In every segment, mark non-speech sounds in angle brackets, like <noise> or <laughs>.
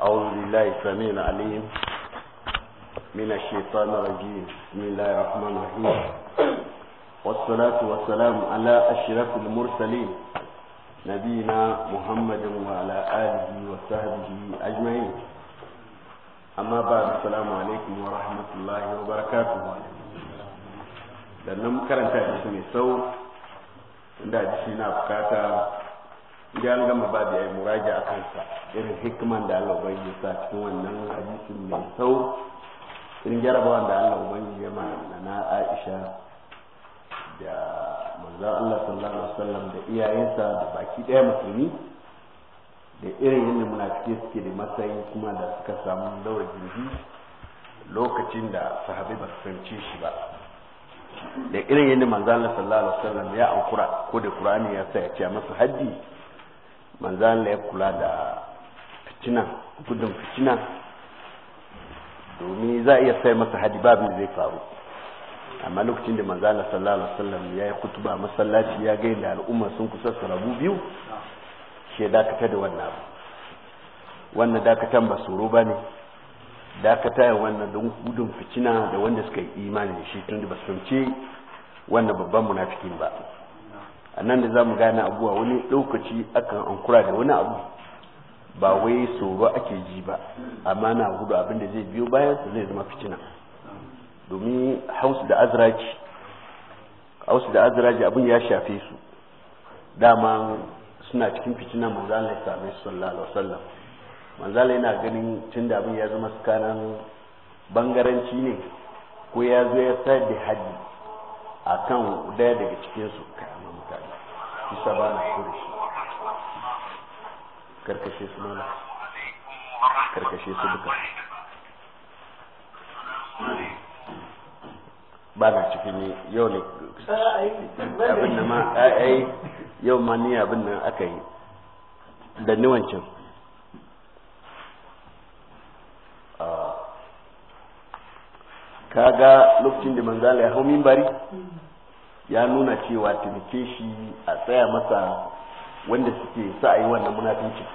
أعوذ بالله السميع العليم من الشيطان الرجيم بسم الله الرحمن الرحيم والصلاة والسلام على أشرف المرسلين نبينا محمد وعلى آله وصحبه أجمعين أما بعد السلام عليكم ورحمة الله وبركاته لأننا مكرم تحديث من سوء عند حديثنا بكاتا idan gama ba ya yi muraja a kansa irin hikiman da Allah yi sa cikin wannan hadisin mai sau irin jarabawa da Allah bai ya ma na Aisha da manzon Allah sallallahu alaihi wasallam da iyayensa da baki daya musulmi da irin yadda munafike suke da matsayi kuma da suka samu daura jirgi lokacin da sahabai ba su fahimce shi ba da irin yadda manzon Allah sallallahu alaihi wasallam ya ankura ko da Qur'ani ya sa ya ce masa haddi manzan ya kula da fitina gudun fitina domin za a iya sai masa hadi babin da zai faru amma lokacin da manzan Allah sallallahu alaihi wasallam ya yi kutuba masallaci ya ga da al'umma sun kusa su rabu biyu ke dakata da wannan abu wannan dakatan ba tsoro ba ne dakata ya wannan don gudun fitina da wanda suka yi imani shi tun da ba su wannan babban munafikin ba a nan da za mu gane abuwa wani lokaci akan ankura da wani abu ba wai tsoro ake ji ba amma na gudu abin da zai biyo bayan su zai zama fitina domin hausu da azraji hausu da azraji abin ya shafe su dama suna cikin fitina manzala ya same su sallallahu wasallam yana ganin tunda abin ya zama tsakanin bangaranci ne ko ya zo ya sa da hadi akan daya daga cikin su isa ba na so da shi karkashe su karkashe su duka ba na cikin ne yau ne abin da ma ai yau ma ni abin nan aka yi da ni wancan ah. ga lokacin da manzala ya hau mimbari ya nuna cewa taimake shi a tsaya masa wanda suke sa a yi wannan munafincin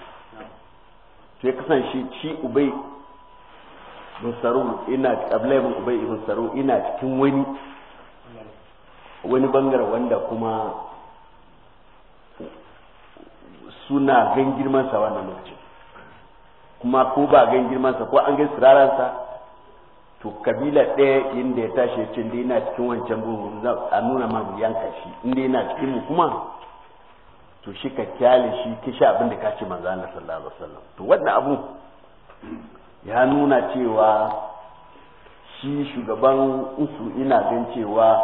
to ya kasance shi ubai ibn sarur ina abdullahi ibn ubai ibn sarur ina cikin wani wani bangare wanda kuma suna gan girman sa wannan lokacin kuma ko ba gan girman sa ko an gan siraran sa to kabila ɗaya inda ya tashi ya ce inda yana cikin wancan buhu a nuna man yanka shi inda yana cikin mu kuma to shi ka kyale shi ki sha abin da ka ce manzo sallallahu alaihi wasallam to wannan abu ya nuna cewa shi shugaban usu ina gan cewa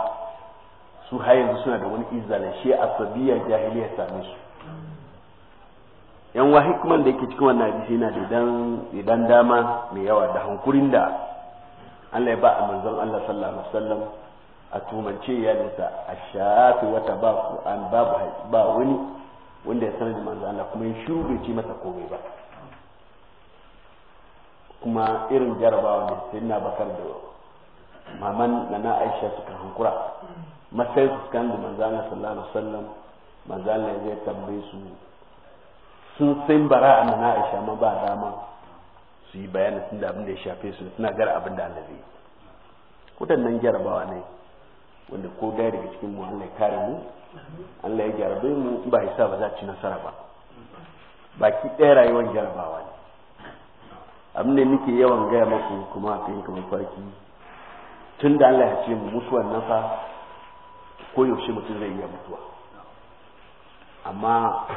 su har yanzu suna da wani izala shi a sabiyar jahiliya same su yan wa hikman da yake cikin wannan hadisi yana da dan dama mai yawa da hankurin da Allah ya ba a manzon Allah sallallahu alaihi wasallam a tumance iyalinsa a shafi wata ba Qur'an babu ba wani wanda ya sanar da manzon Allah kuma ya shiru bai ci masa komai ba kuma irin jarabawa ne sai na bakar da maman na na Aisha suka hankura masai su kan da manzon Allah sallallahu alaihi wasallam manzon Allah ya tambaye su sun sai bara na Aisha ma ba dama su yi bayanin sun da abin da ya shafe su suna gara abin da Allah zai waɗannan jarabawa ne wanda ko daya daga cikin mu Allah ya kare mu Allah ya jarabe mu ba ya ba za ci nasara ba baki ɗaya rayuwar jarabawa ne abin da nake yawan gaya maku kuma a fiye kamar farki tun da Allah ya ce mu mutuwan fa. ko yaushe mutum zai iya mutuwa amma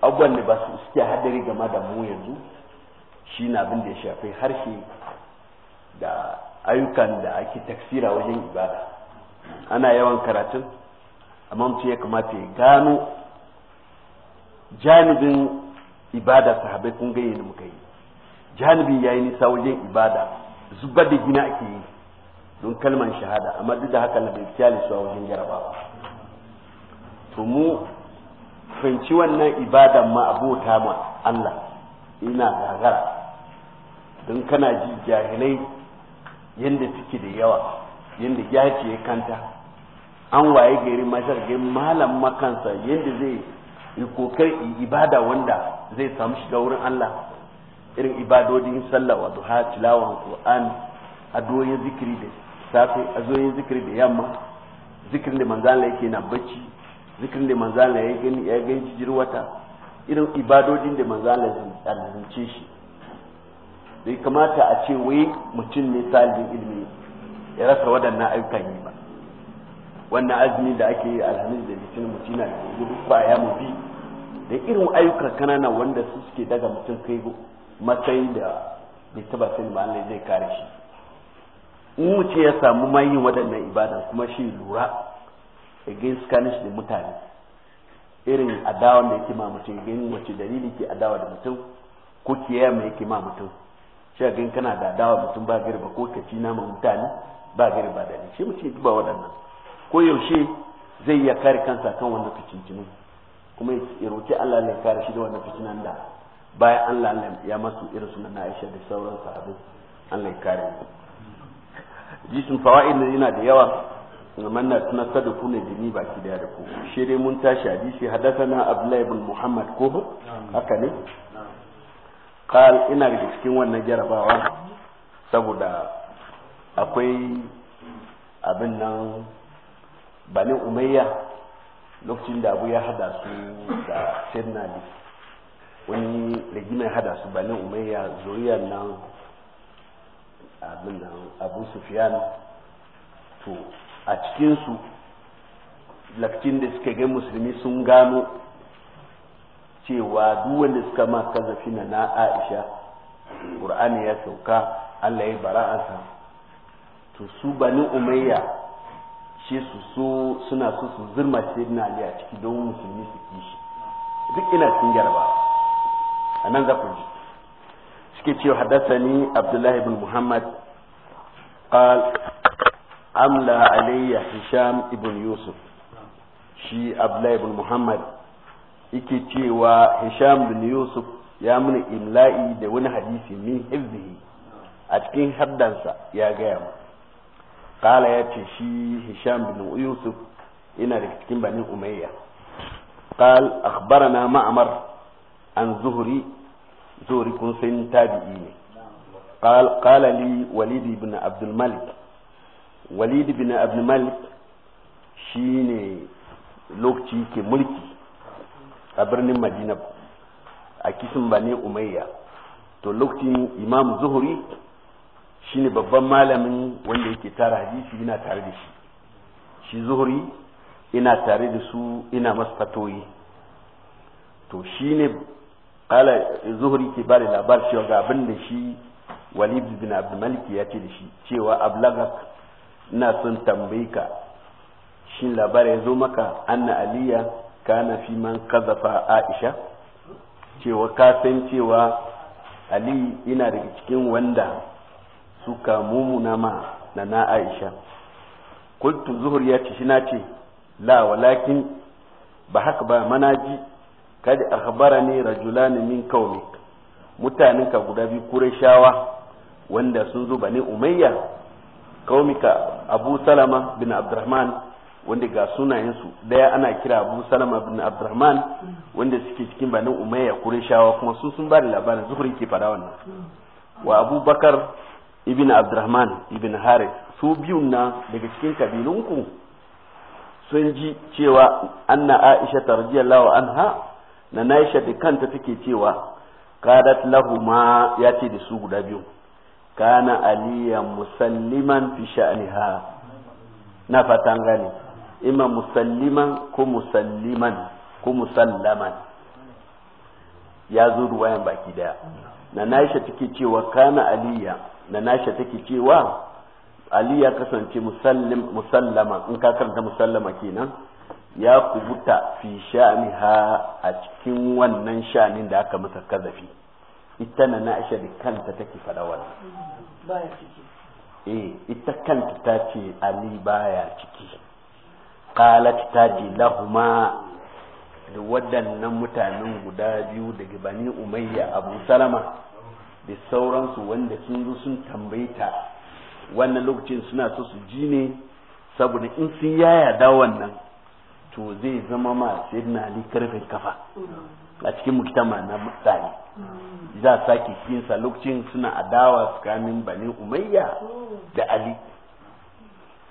abubuwan da ba su suke hadari game da mu yanzu shi na abin da ya shafi harshe da ayyukan da ake taksira wajen ibada ana yawan karatun amma mutum ya kamata ya gano janibin ibada sahabai kun gaye da muka yi janibi ya yi nisa wajen ibada zubar da gina ake yi don kalmar shahada amma duk da haka na bai kyale a wajen jarabawa to mu fahimci wannan ibadan ma abota ma Allah ina gagara don kana ji jahilai yadda suke da yawa yadda ya ce ya kanta an waye gari mashar malam makansa yadda zai yi kokar ibada wanda zai samu shiga wurin Allah irin ibadodin sallah wa duha tilawan qur'an adoyin zikiri da safe azoyin zikiri da yamma zikirin da manzala yake na bacci zikirin da manzala ya gani ya gani jirwata irin ibadodin da manzala zai zance shi bai kamata a ce wai mutum ne talibin ilimi ya rasa waɗannan ayyukan yi ba wannan azumi da ake yi alhamis da jikin mutum na yanzu ba ya mu bi da irin ayyukan kanana wanda su suke daga mutum kai matsayi da bai taba sani ba Allah zai kare shi in mutum ya samu mayin waɗannan ibada kuma shi lura a gai skanish da mutane irin adawa da yake ma mutum gani wace dalili ke adawa da mutum ko kiyaya mai yake ma mutum shi a gan kana da dawa mutum ba gari ko ka ci ma mutane ba gari ba ni shi mutum ba waɗannan ko yaushe zai iya kare kansa kan wannan fitincinin kuma ya roƙi Allah ne kare shi da wannan fitinan da bayan Allah ya masu irin sunan Aisha da sauran sahabbai Allah ya kare jisun fawaid yana da yawa da ku جميع mun tashi a منتشى دي حدثنا عبد الله muhammad ko haka ne. kal ina da cikin wannan jarabawa saboda akwai abin nan bani umayya lokacin da abu ya hada su da sirna wani rigima ya hada su bani umayya zuriyar nan abin nan abu sufiyan to a cikinsu lokacin da suka ga musulmi sun gano cewa duk wanda suka ma kazafi na na Aisha Qur'ani ya sauka Allah ya bara'ansa to su bani umayya shi su so suna so su zirma sayyidina Ali a ciki don musulmi su kishi duk ina cikin jarba anan za ku ji suke cewa haddathani Abdullah ibn Muhammad qal amla علي hisham ibn yusuf shi abdullahi ibn muhammad yake cewa Hisham bin Yusuf ya mini imla'i da wani hadisi min hizbihi a cikin haddansa ya gaya mu kala ya ce shi Hisham bin Yusuf ina da cikin banin Umayya قال أخبرنا معمر عن زهري زهري كن سن تابعين قال قال لي وليد بن عبد الملك وليد بن عبد الملك شيني لوكتي كملكي a birnin madina a ba bane umayya to lokacin imam zuhuri shine babban malamin wanda yake tara hadisi yana tare da shi shi zuhuri ina tare da su ina masu fatoyi to ne kala zuhuri ke ba da labar cewa ga abin da shi walid bin abdulmaliki ya ce da shi cewa ablagak ina son tambayi ka shin labarai ya zo maka anna aliya kana fi man kazafa aisha cewa ka san cewa ali ina daga cikin wanda suka mumuna ma na na aisha kultu zuhur ya ce shi na ce la walakin ba haka ba manaji kada akhbarani rajulan min qaumik mutanen ka guda biyu kurashawa wanda sun zo bani umayya kaumika abu salama bin abdurrahman wanda ga sunayensu daya ana kira abu salama bin abdurrahman wanda suke cikin banin umayya kurin shawa kuma su sun ba da labarin zuhri ke fara wannan wa abubakar ibn abdurrahman ibn haris su biyun na daga cikin kabilunku sun ji cewa anna aisha ta radiyallahu anha na naisha da kanta take cewa kadat lahuma ya ce da su guda biyu kana aliyan musalliman fi sha'niha na fatan gani. ima musalliman ko musalliman ko musallaman ya zo ruwayan baki daya na nasha take cewa kana aliya na nasha take cewa aliya kasance musallim musallama in ka karanta musallama kenan ya kubuta fi sha'niha a cikin wannan sha'nin da aka masa kazafi ita na na'isha da kanta take fada wannan eh ita kanta tace ali baya ciki qalat taji lahuma da waɗannan mutanen guda biyu daga bani umayya abu salama da sauransu wanda sun zo sun tambaye ta wannan lokacin suna so su ji ne saboda in sun yaya da wannan to zai zama ma sai na ali karfin kafa a cikin mukitama na mutane za a sake kinsa lokacin suna adawa tsakanin bani umayya da ali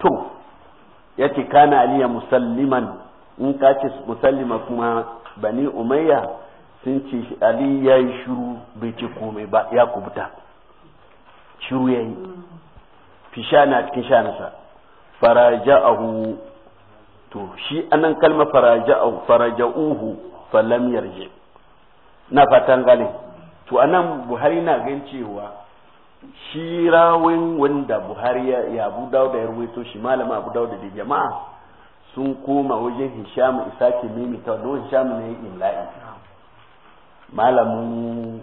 to ya ce kana aliya musalliman in ka ce musallima kuma bani umayya sun ce ali ya yi shuru bai ce komai ba ya kubuta shuru ya yi fisha na cikin shanasa faraja'ahu to shi anan kalma faraja'ahu faraja'uhu falam yarje na fatan gane to anan buhari na gan cewa shi rawin wanda buhari ya abu dauda ya ruwaito shi malama abu dauda da jama'a sun koma wajen hisham isa ke mimita don hisham ne imla'i malamin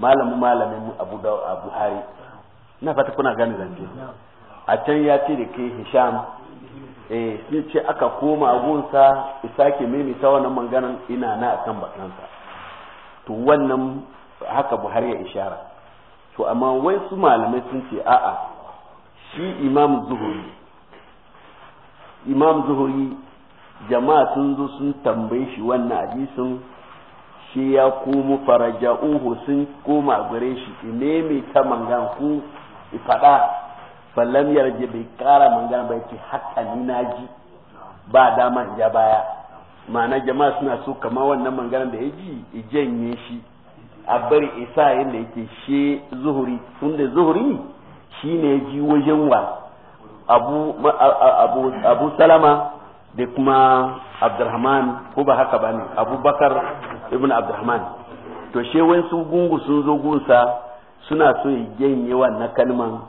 malamin abu dauda buhari na fata kuna gane zance a can ya ce da ke hisham eh sun ce aka koma gunsa isa ke ta wannan maganan ina na akan bakansa to wannan haka buhari ya ishara to amma wai su malamai sun ce a'a shi imam zuhuri imam zuhuri jama'a sun zo sun tambaye shi wannan hadisin shi ya komo faraja'uhu sun koma gare shi ne mai ta mangan ku faɗa falam yarje bai kara mangan ba ce, hatta ni na ji ba dama ja baya ma'ana jama'a suna so kamar wannan mangan da ya ji janye shi a bari isa yadda yake she zuhuri tun da zuhuri shi ne ji wajen wa abu salama da kuma abdurrahman ko ba haka ba ne abubakar ibn abdurrahman to she su gungu sun zo gunsa suna so ya wa na kalman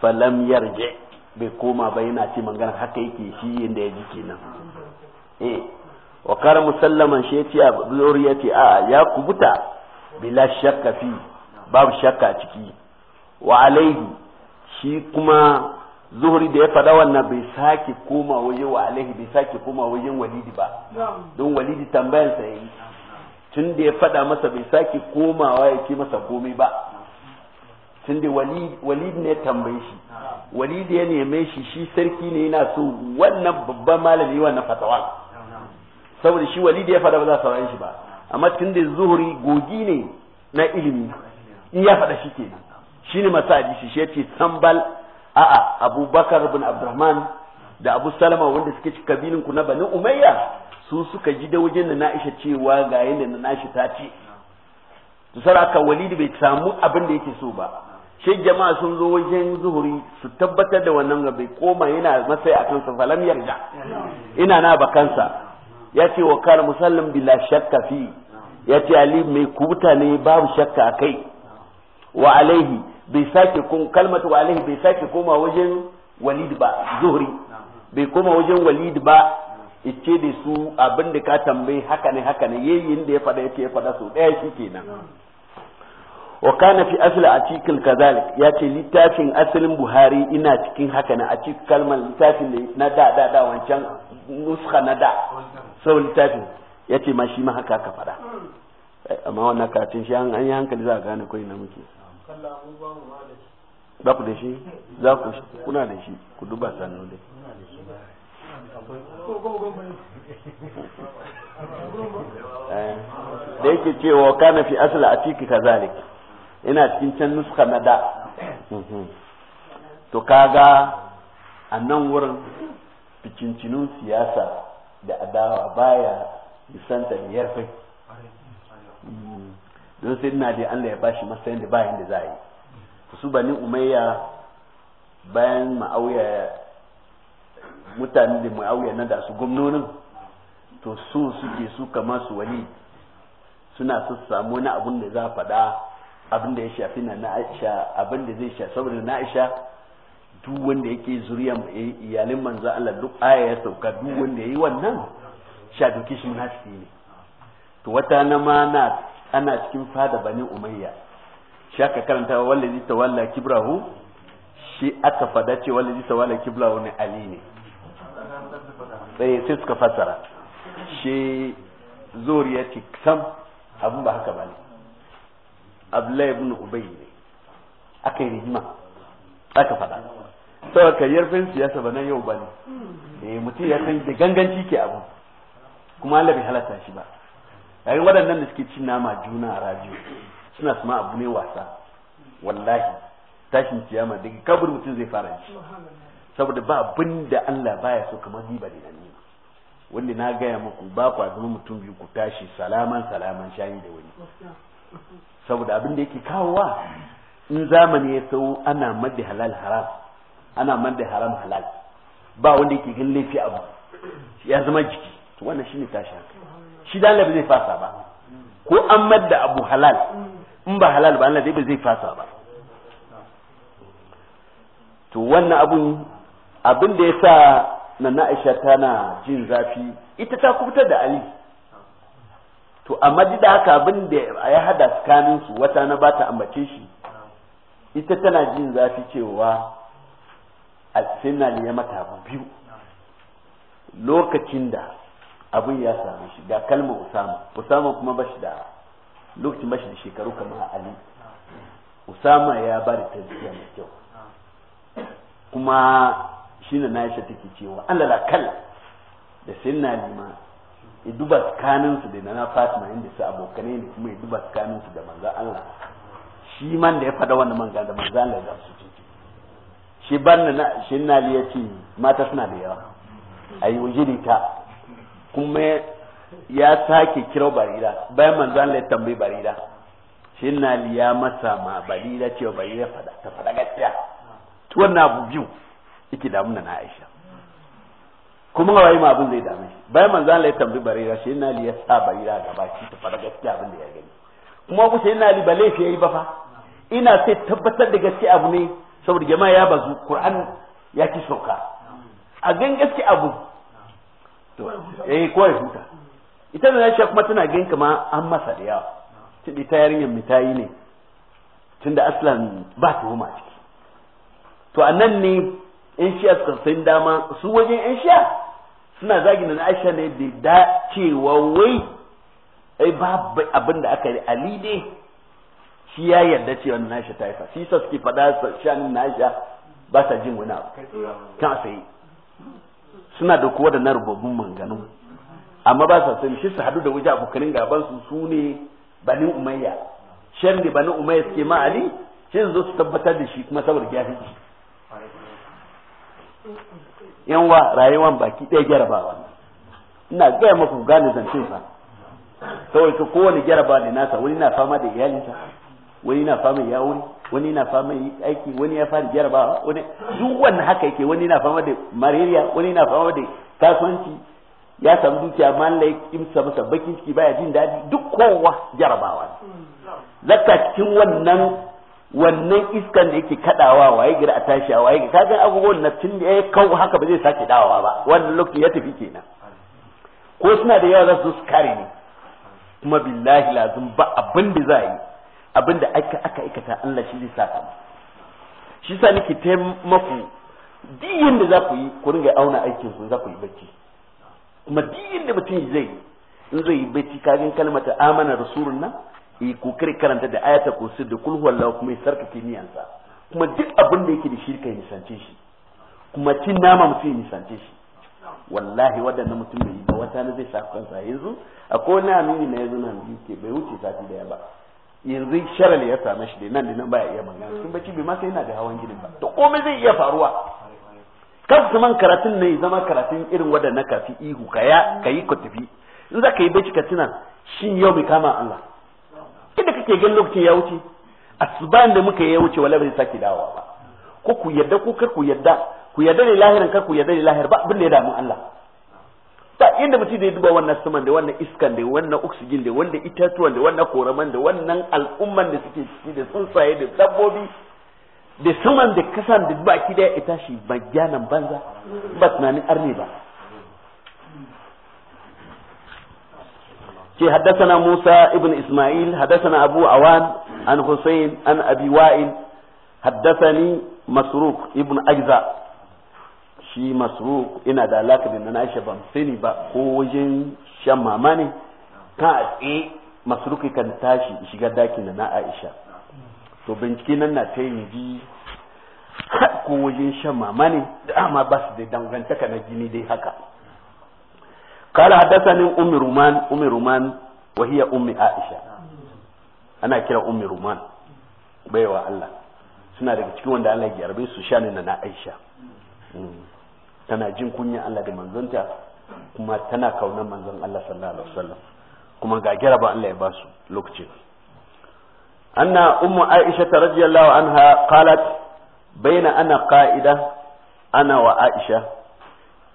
falam yarje bai koma ba yana ce magana haka yake shi yadda ya ji kenan e wa kara musallaman shi ya ya ce a ya kubuta bila shakka fi babu shakka a ciki wa alaihi shi kuma zuhuri da ya faɗa wannan bai sake koma waje wa alaihi bai sake koma wajen walidi ba don walidi tambayar sa yayi tun da ya faɗa masa bai sake komawa ya ke masa komai ba tun da walidi ne tambaye shi walidi ya neme shi shi sarki ne yana so wannan babban malami wannan fatawa saboda shi walidi ya faɗa ba za su shi ba amma cikin da zuhuri gogi ne na ilimi in ya faɗa shi kenan shine masu hadisi shi yace sambal a'a abubakar bin abdurrahman da abu salama wanda suke ci kabilin ku na bani umayya su suka ji da wajen da na na'isha cewa ga yadda na nashi ta ce to sara aka walidi bai samu abin da yake so ba shi jama'a sun zo wajen zuhuri su tabbatar da wannan ga bai koma yana masai akan sa falam yarda ina na bakansa ya ce wa kar musallin bila shakka fi ya ce ali mai kubuta ne babu shakka a kai wa alaihi bai sake kun kalmatu wa alaihi bai sake koma wajen walid ba zuhri bai koma wajen walid ba ice da su abin da ka tambayi haka ne haka ne yayin da ya fada yake ya fada su daya shi nan wa kana fi asli atikil kazalik ya ce littafin asalin buhari ina cikin haka ne a cikin kalmar littafin na da da da wancan nuska na da sau littafin ya ce ma shi ma haka ka faɗa amma wannan karatun shi an yi hankali za a gane kawai na muke ba ku da shi za ku kuna da shi ku duba dai eh, da yake cewa kana fi asala a ciki kazalik ina cikin can nuska na da mhm. to kaga a nan wurin ficincinun siyasa da adawa baya nisanta da yarfe mm. don sai na da Allah ya bashi matsayin da bayan da za a yi su bani umayya bayan ma'auya mutane da ma'auya na da su gwamnonin to su suke su kama su wani suna su samu na abin da za a faɗa abin da ya shafi na na'isha abin da zai sha saboda na'isha duk wanda yake zuriyan eh, iyalin manzo Allah duk aya ya sauka duk wanda yayi wannan sha doke shi munafiki ne to wata na ma na ana cikin fada bani umayya shi aka karanta wallazi tawalla kibrahu shi aka fada ce wallazi tawalla kibrahu ne ali ne sai eh, sai suka fasara shi zuriya ce sam abin ba haka bane abdullahi ibn ubay ne aka yi rijima aka fada saboda kayyar fin siyasa ba na yau ba ne eh mutum ya san da ganganci ke abu kuma Allah bai halatta shi ba yayin waɗannan da suke cin nama juna a rajiyo suna suma abu ne wasa wallahi tashin kiyama daga kabur mutum zai fara shi saboda ba abin da Allah baya so kamar riba da nan wanda na gaya muku ba ku zama mutum biyu ku tashi salaman salaman shayi da wani saboda abin da yake kawowa in zamani ya sau ana madi halal haram ana man da haram halal ba wanda yake ganin laifi abu ya zama jiki to wannan shine tashi shi da Allah zai fasa ba ko an madda abu halal in ba halal ba Allah dai ba zai fasa ba to wannan abun abin da yasa na Aisha tana jin zafi ita ta kubutar da Ali to amma duk da haka abin da ya hada tsakanin su wata na bata ambace shi ita tana jin zafi cewa sinna ne ya mata biyu lokacin da abin ya same shi ga kalmar usama usama kuma ba shi da lokacin ba shi da shekaru kamar ali usama ya ba da tarbiyya mai kyau kuma shi na na take cewa allah kal da na ma ya duba tsakanin su da na Fatima inda su abokanai ne kuma ya duba tsakanin su da manzan Allah shi man da ya fada wannan manga da manzon Allah da su shi ban na shi na liya ce mata suna da yawa a yi wujiri ta kuma ya sake kira barira bayan manzo Allah ya tambayi barira shi na liya masa ma barira cewa barira fada ta fada gaskiya to wannan abu biyu yake damu na Aisha kuma ga wai ma abin zai dame shi bayan manzo Allah ya tambayi barira shi na liya sa barira gaba shi ta fada gaskiya abin da ya gani kuma ku shi nali ba laifi yayi ba fa ina sai tabbatar da gaskiya abu ne saboda jama'a ya bazu Qur'an ya ci sauka a gan gaske abu to eh ko ya huta ita da Aisha kuma tana gan kama an masa da yawa tunda ta mitayi ne tunda aslan ba tuhuma ciki to anan ne in shi'a suka san dama su wajen in shi? suna zagin na Aisha ne da cewa wai ai babu abin da aka yi ali ne shi ya yarda cewa nasha ta haifa shi sa suke faɗa shanin nasha ba sa jin wani abu kan sai suna da kuwa da na manganu amma ba sa sani shi su hadu da waje abokanin gaban su su ne bani umayya shan ne bani umayya suke ma ali shi zo su tabbatar da shi kuma saboda jahilci yanwa rayuwan baki ɗaya gyarabawa ina gaya maku gane zancen sa kawai su kowane ba ne nasa wani na fama da iyalinsa wani na fama ya wuri wani na fama aiki wani ya fara jarabawa wani duk wannan haka yake wani na fama da mariya wani na fama da kasuwanci ya samu dukiya man lai kimsa masa bakin ciki baya jin dadi duk kowa jarabawa zakka cikin wannan wannan iskan da yake kadawa waye gira a tashi waye ka ga abubuwan na tun da ya kawo haka ba zai sake dawowa ba wannan lokaci ya tafi kenan ko suna da yawa za su kare ne kuma billahi lazim ba abin da za yi abinda aka aka aikata Allah shi zai saka mu shi yasa nake taimako duk yanda za ku yi ku ringa auna aikin ku za ku yi bacci kuma duk yanda mutum zai yi in zai yi bacci kagin kalmata amana rasulun nan yi kokari karanta da ayata ko da kul huwallahu kuma ya sarkake niyansa kuma duk abin da yake da shirka ya nisance shi kuma cin nama mutum ya nisance shi wallahi waɗannan mutum bai yi ba wata na zai sa kansa yanzu akwai wani amini na yanzu na biyu ke bai wuce sati daya ba yanzu sharal ya same shi nan da nan baya iya magana cikin baki bai sai yana da hawan gini ba to komai zai iya faruwa kan zaman karatun ne zama karatun irin wanda na kafi ihu ya kayi ku tafi in za ka yi bacci ka tuna shin yau bai kama Allah inda kake gan lokacin ya wuce asuban da muka yi ya wuce wala bai saki dawowa ba ko ku yadda ko kar ku yadda ku yadda ne lahirin kar ku yadda ne lahir ba abin da ya damu Allah ta inda mutum zai duba wannan saman da wannan iskan da wannan oxygen da wannan itatuwan da wannan koraman da wannan al'umman da suke ciki da tsuntsaye da dabbobi da saman da kasan da baki daya ita shi bagyanan banza ba tunanin arni ba ke haddasana Musa ibn Ismail haddasana Abu Awan an Hussein an Abi Wa'il haddasani Masruq ibn Ajza shi masu ina da alaƙa da na Aisha ban sani ba ko wajen shan mama ne kan a tsaye masruq kan tashi shiga daki na Aisha to bincike nan na ta yi <laughs> ko wajen shan mama ne amma ba su da dangantaka na jini dai haka قال ne umi ruman umi ruman وهي umi aisha ana kira umi ruman baiwa allah suna daga cikin wanda Allah ya yarbe su shanin na Aisha hmm. tana jin kunya Allah da manzanta kuma tana kaunar manzan Allah sallallahu alaihi wasallam kuma ga ba Allah ya ba su lokaci anna ummu aisha radiyallahu anha qalat baina ana qa'ida ana wa aisha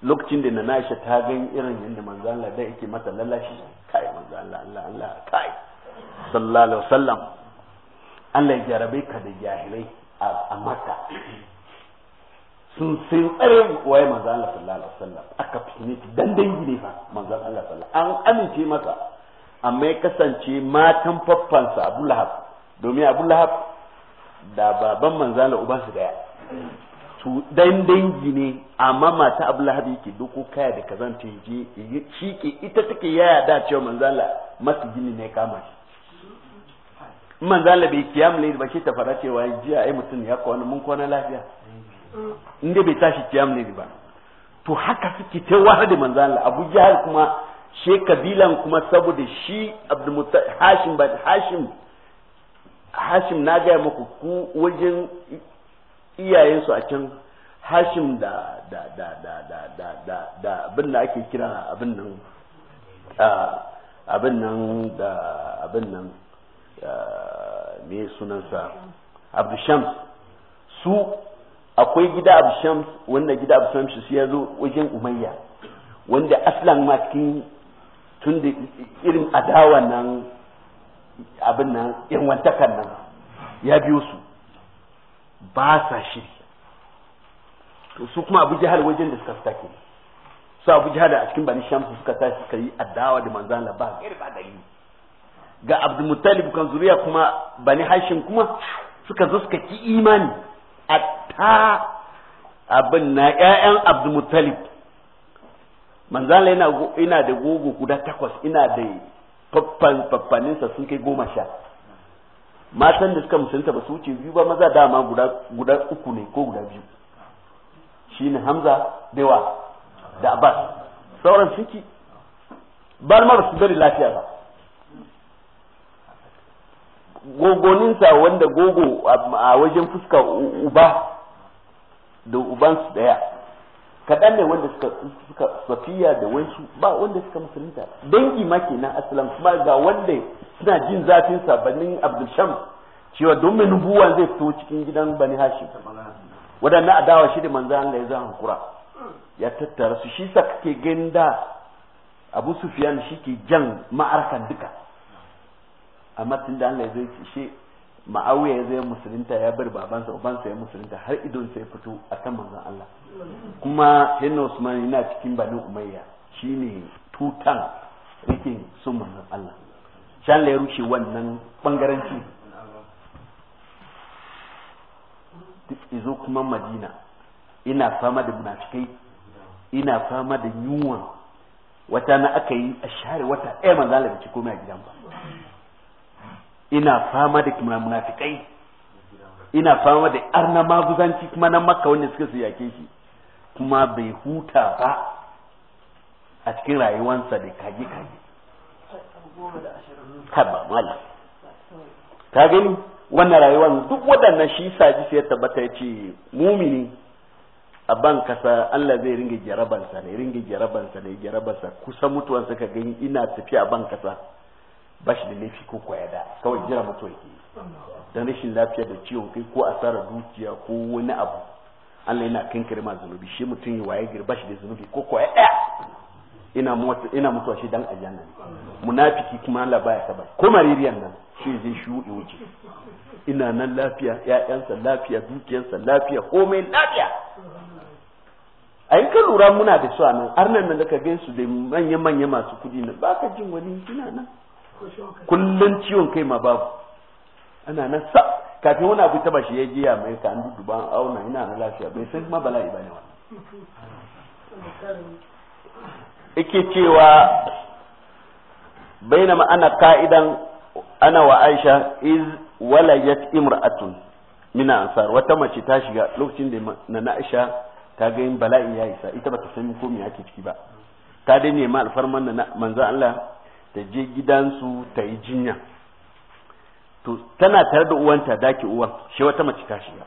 lokacin da na aisha ta ga irin yadda manzan Allah da yake mata lalashi kai manzan Allah Allah Allah kai sallallahu alaihi wasallam Allah ya jarabe ka da jahilai a mata. sun sai tsare waye manzo Allah sallallahu alaihi wasallam aka fitine ki dan dangi ne fa manzo Allah sallallahu an amince masa amma ya kasance matan faffansa Abu Lahab domin Abu Lahab da baban manzo Allah uban su daya su dan dangi ne amma mata Abu Lahab yake doko kaya da kazanta ta je shi ke ita take yaya da cewa manzo Allah masu gini ne kama shi manzo Allah bai kiyam ne ba shi ta fara cewa jiya ai mutum ya kwana mun kwana lafiya inda bai tashi kiyam ne ba to haka suke ta wahar da manzan Allah Abu Jahal kuma she kabilan kuma saboda shi Abdul Hashim ba Hashim Hashim na ga muku ku wajen iyayensu a can Hashim da da da da da da da da abin da ake kira abin nan abin nan da abin nan me sunansa Abdul Shams su akwai gida abu wanda gida abu shi ya zo wajen umayya wanda aslan ma cikin tun da irin adawa nan abin nan irin wantakan nan ya biyo su ba sa shi to su kuma abu jihar wajen da suka take su abu jihar a cikin bani shams suka tashi suka yi adawa da manzan ba gairi ba dalili ga abdul muttalib kan zuriya kuma bani hashim kuma suka zo suka ki imani atta abin na ƴaƴan abdulmuttalib manzala yana ina da gogo guda takwas ina da faffan faffaninsa sun kai goma sha matan da suka musulunta ba su wuce biyu ba maza dama guda guda uku ne ko guda biyu shine hamza da da abbas sauran suki bar ma ba su bari lafiya ba gogoninsa wanda gogo a wajen fuska uba da ubansu daya kaɗan ne wanda suka suka safiya da wansu ba wanda suka musulunta dangi ma kenan asalan kuma ga wanda suna jin zafin sabanin abdul sham cewa don mai nubuwa zai fito cikin gidan bani hashim wadannan adawa shi da manzo Allah ya zan kura. ya tattara su shi sa kake ganin da Abu Sufyan shi ke jan ma'arkan duka amma tun da Allah ya zai ce ma'awiya ya zai musulunta ya bar babansa babansa ya musulunta har idon sai fito a kan manzon Allah kuma yana Usman yana cikin Bani Umayya shine tutan rikin sun manzon Allah shan ya rushe wannan bangaranci izo kuma Madina ina fama da munafikai ina fama da yunwa wata na aka yi a share wata ɗaya manzon Allah bai ci komai a gidan ba ina fama da munafikai ina fama da arna maguzanci kuma na makka wanda suka su yake shi kuma bai huta ba a cikin rayuwansa da kage kage haba mala ka gani wannan rayuwar duk waɗannan shi sa ji sai tabbata ya ce mumini a ban kasa Allah zai ringa jarabansa ne ringa jarabansa ne jarabansa kusa mutuwansa ka gani ina tafiya a ban kasa ba shi da laifi ko kwaya da kawai jira mutuwa ke dan rashin lafiya da ciwon kai ko asara dukiya ko wani abu Allah yana kankare ma zunubi shi mutum ya waye girba shi da zunubi ko kwaya ɗaya ina mutuwa ina mutuwa shi dan aljanna munafiki kuma Allah baya saba ko maririyan nan shi zai shuɗe wuce ina nan lafiya ƴaƴansa lafiya dukiyansa lafiya komai lafiya a yi kan lura muna da su a nan arnan nan da ka gaisu da manya-manya masu kuɗi na ba ka jin wani jina nan kullun ciwon kai ma babu ana nan sa kafin wani abu taba shi ya je mai ka an duduba an auna ina na lafiya bai san ma bala'i bane wannan yake cewa ma ana ka'idan ana wa Aisha iz walayat imra'atun min ansar wata mace ta shiga lokacin da na Aisha ta ga yin bala'i ya isa ita bata san ko me yake ciki ba ta dai nema alfarman na manzo Allah ta je gidansu ta yi jinya to tana tare da uwanta daki uwan shi wata mace ta shiga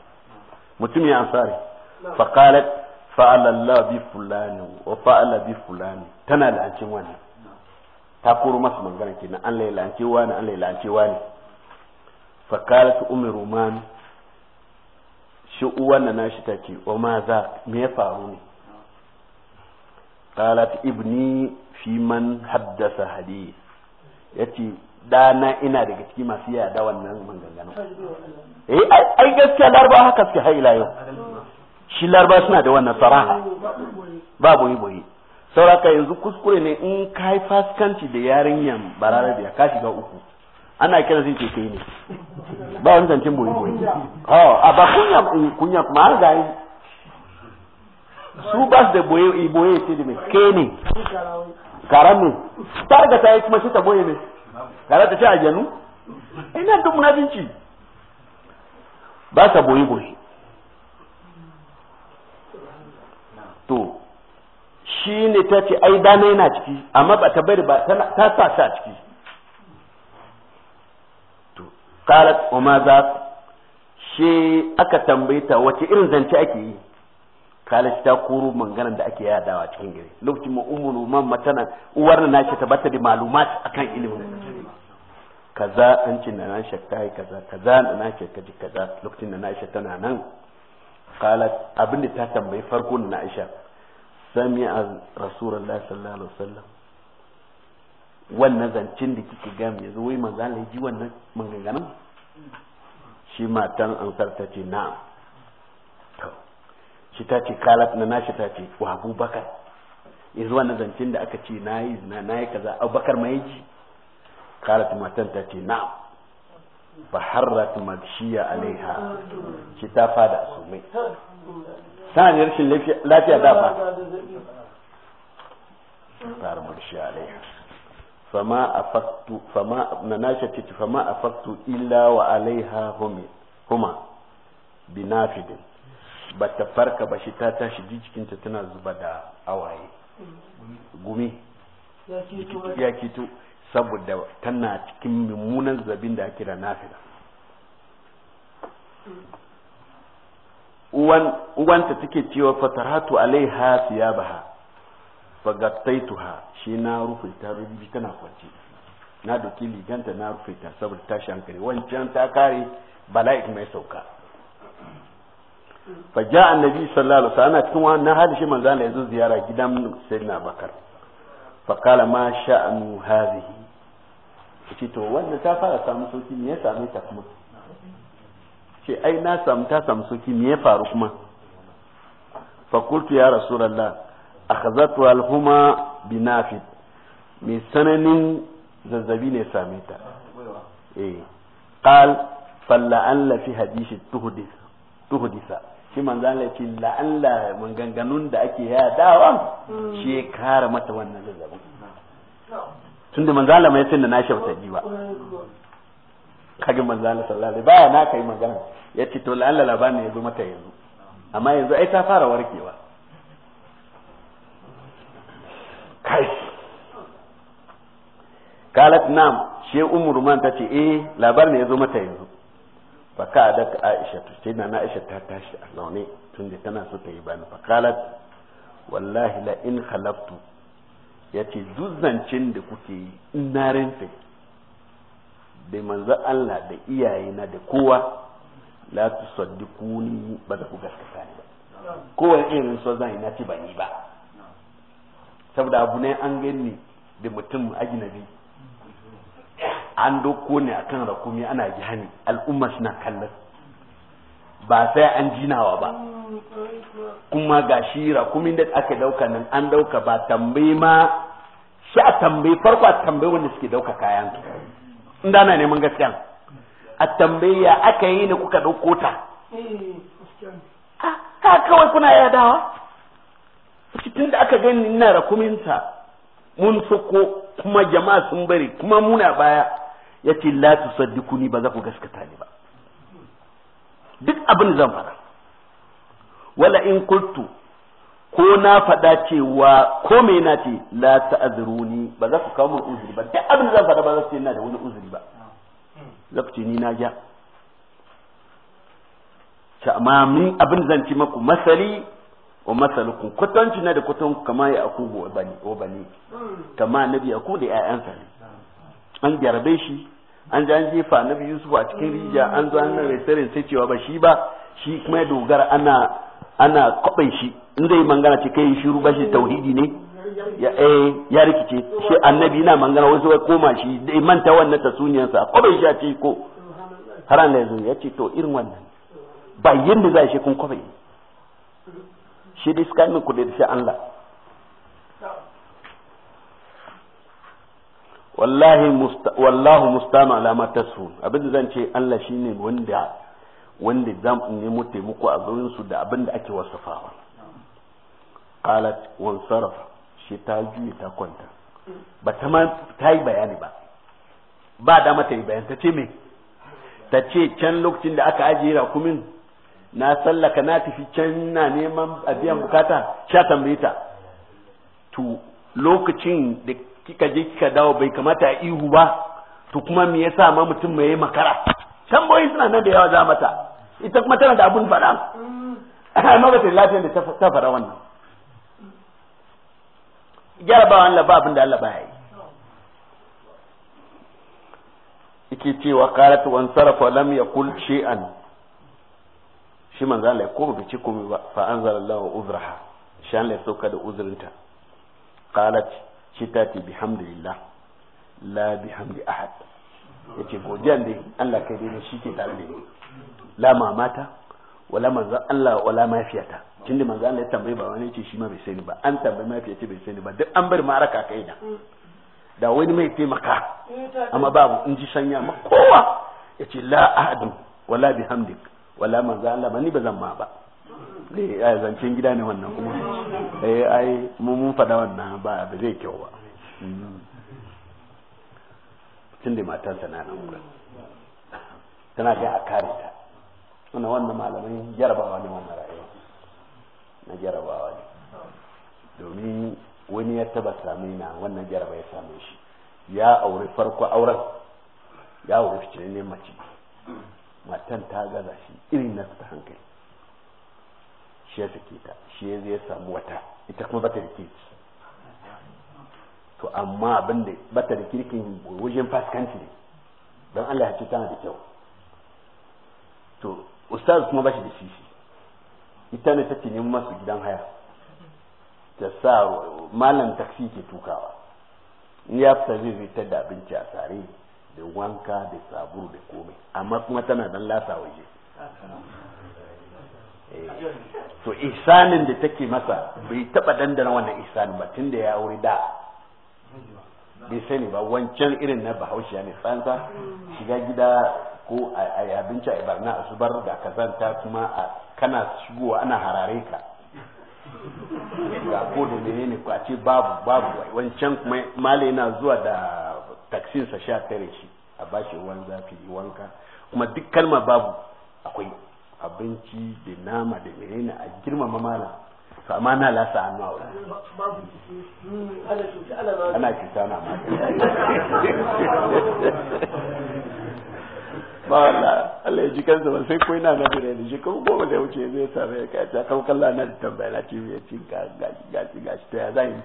mutum ya ansari fa qalat fa'ala Allah bi fulani wa fa'ala bi fulani tana la'ancin wani ta koro masa magana kenan an lai la'ance wani an lai la'ance wani fa qalat ummu ruman shi uwan na nashi take wa ma za me ya faru ne qalat ibni fi man haddasa hadith yace dana ina daga cikin masu da wannan maganganu eh ai gaskiya larba haka suke haila yau shi larba suna da wannan saraha ba boye boye sauraka yanzu kuskure ne in kai faskanci da yarinyan bararabiya ka shiga uku ana kira zai ce kai ne ba wani zancen boye boye a ba kunya kunya kuma har ga su ba su da boye boye ce da mai kai ne karamin ta ga ta yi kuma shi ta boye ne kare ta ce a genu ina eh, duk munafinci ba ta boye boye to shi ne ta ce ai na yana ciki amma ba ta bari ba ta sa ta ciki to qalat wa ma za shi aka tambaye ta wace irin zance ake yi kala ta koro maganar da ake yadawa cikin gari lokacin ma ummul man matana uwar na ce ta bata da malumat akan ilimin kaza an ce na na shakka kaza kaza na nashi ta ji kaza lokacin da shi tana nan kala abin da ta tambayi farko na Aisha sami'a rasulullahi sallallahu alaihi wasallam wannan zancin da kike ga me yanzu wai manzo ji wannan maganganun shi matan ansar ta ce na'am shi ta ce kalat na nashi ta ce wa abubakar yanzu na zancen da aka ce na yi na yi kaza abubakar mai ji kalat matan ta ce na'am ba harrat magshiya alaiha shi ta fada su mai sana da rashin lafiya da ba fara magshiya alaiha fama afaktu fama na nashi ta ce fama afaktu illa wa alaiha huma binafidin ba ta farka ba shi ta tashi jikinta tana zuba da awaye gumi ya kito saboda tana cikin mummunan zabin da ake da nafila uwanta take cewa fataratu alaiha siyabaha fagattaituha shi na rufe ta rubi tana kwance na doki liganta na rufe ta saboda tashi hankali wancan ta kare balai mai sauka fa ja annabi sallallahu alaihi wasallam cikin wannan hali shi manzo Allah yazo ziyara gidan sayyidina Bakar fa kala ma sha'nu hadhihi ce to wanda ta fara samu soki, me ya same ta kuma ce ai na samu ta samu soki, me ya faru kuma fa qultu ya rasulullah akhazatu alhuma binafid me sananin zazzabi ne same ta eh qal falla an la fi hadisi tuhdisa shi manzan laifi la'alla maganganun da ake dawa mm. shi ya kara mata wannan zazzabin tun da manzan lama ya san da nashi bata ji ba kagin manzan lama sallallahu alaihi baya na kai magana ya ce to la'alla labarin ya zo mata yanzu amma yanzu ai ta fara warkewa kai kalat nam she umru man ce eh labarin ya zo mata yanzu faka da ka aisha to sai na aisha ta tashi a zaune tun tana so ta yi bani fakalat wallahi la in halaftu ya ce da kuke yi in na rinfe da manzo Allah da iyayena da kowa la tusaddiquni ba za ku gaskata ni ba kowa irin so zan yi nati ba ni ba saboda abu ne an gani da mutum ajnabi an doko ne akan rakumi ana jihani al'umma suna kallon ba sai an jinawa ba kuma ga shi rakumin da aka dauka nan an dauka ba tambayi ma a tambayi farko a tambayi wanda suke dauka kayan su da neman gaskiya a tambayi ya aka yi ne kuka dauko ta ha kawai kuna yadawa cikin da aka gani ina rakuminta mun soko kuma jama'a sun bari kuma muna baya ya ce la tusaddiquni ba za ku gaskata ni ba duk abin da zan fara wala in kultu ko na faɗa cewa ko me na ce la ta'zuruni ba za ku kawo min uzuri ba duk abin da zan faɗa ba za ku ce ina da wani uzuri ba za ku ce ni na ja ta amma min abin zan ci maku masali wa masalukum kwatanci na da kwatanku kama ya aku wa bani kama nabi aku da 'ya'yansa ne an jarabe shi an ji an jefa annabi yusuf a cikin rijiya an zo an rai sai cewa ba shi ba shi kuma ya dogara ana ana kwaɓin shi in zai mangana ce kai shiru ba shi tauhidi ne ya eh ya rikice shi annabi na mangana wasu ya koma shi dai manta wannan tasuniyar sa kwaɓin shi a ce ko har Allah yanzu zo ya ce to irin wannan ba yanda za shi kun kwaɓin shi dai suka yi min kudi da shi Allah wallahi wallahu mustama ala ma abin da zan ce Allah shine wanda wanda zan nemo taimako a gurin su da abin da ake wasafawa qalat wan sarf shi ta juye ta kwanta ba ta ma ta yi bayani ba ba da mata yi bayani ta ce me ta ce can lokacin da aka ajiye rakumin na sallaka na tafi can na neman abiyan bukata sha ta to lokacin da kika je kika dawo bai kamata a ihu ba to kuma me yasa ma mutum mai makara tambayoyin suna nan da yawa za mata ita kuma tana da abun fada magatar lafiyar da ta fara wannan ba Allah ba abin da Allah ba yi yake cewa qalat wan sarafa lam yakul shay'an shi manzo Allah ko bai ci komai ba fa anzalallahu uzraha shan la sauka da uzrinta qalat shi ta ce bihamdulillah la bihamdi ahad ya ce godiyan dai Allah kai dai shi ke tare da ni la mamata wala manzo Allah wala mafiyata tunda manzo Allah ya tambaye ba wani ce shi ma bai sani ba an tambaye mafiyata bai sani ba duk an bar maraka kai da da wani mai taimaka amma babu in ji sanya ma kowa ya ce la ahadin wala bihamdik wala manzo Allah ba ni ba zan ma ba Eh, a zancen gida ne wannan kuma eh ai mu mun faɗa wannan ba ba zai kyau ba mm. tun da matarsa na nan wurin tana kai a kare ta wannan wannan malamai jarabawa ne wannan rayuwa na jarabawa ne domin wani ya taba same na wannan jaraba ya same shi ya aure farko auren ya aure ne mace matan ta gaza shi irin na ta hankali shi ya sake ta shi ya zai samu wata ita kuma bata da kirki to amma abin da bata da kirkin wajen fasikanci ne don Allah ya ce tana da kyau to ustaz kuma ba shi da shishi ita ne take neman masu gidan haya ta sa malam taksi ke tukawa in ya fita zai zai ta da abinci a sare da wanka da sabulu da komai amma kuma tana dan lasa waje to ihsanin da take masa bai taba dandana wannan ihsanin ba da ya aure da bai sani ba wancan irin na bahaushe ne tsansa shiga gida ko a abinci a barna a zubar da kazanta kuma a kana shigowa ana harare ka ga ko da menene ko a ce babu babu wancan kuma male yana zuwa da taksinsa sha tare shi a bashi ruwan zafi wanka kuma duk kalma babu akwai abinci da nama da menene a girmama malam to amma na lasa hannu a wuri ana cuta na ma <laughs> ba wala Allah ya ji kansa ba sai koyi na na bire da shi kuma goma da wuce zai same ya kai ta kan kallon na da tambaya na ce ya ci gashi gashi gashi ta ya zai yi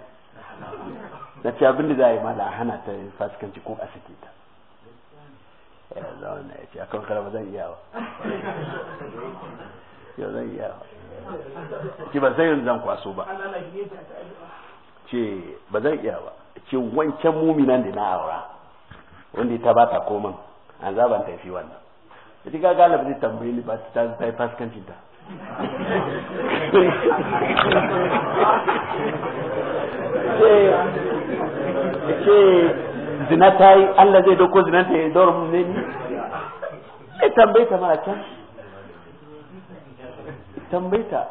na ce abin da za a yi ma da hana ta fasikanci ko a sake ta ya zauna ya ce a kan karama zan iya wa ya zan iya wa ba zan yanzu zan kwaso ba ce ba zan iya ba ce wancan muminan da na aura wanda ta ba ta komin an wannan ita ga zai tambayi ni ba ta ta ta ce zina ta yi Allah zai dauko zina ta yi daura mu ne ni sai tambaye ta mara can tambaye ta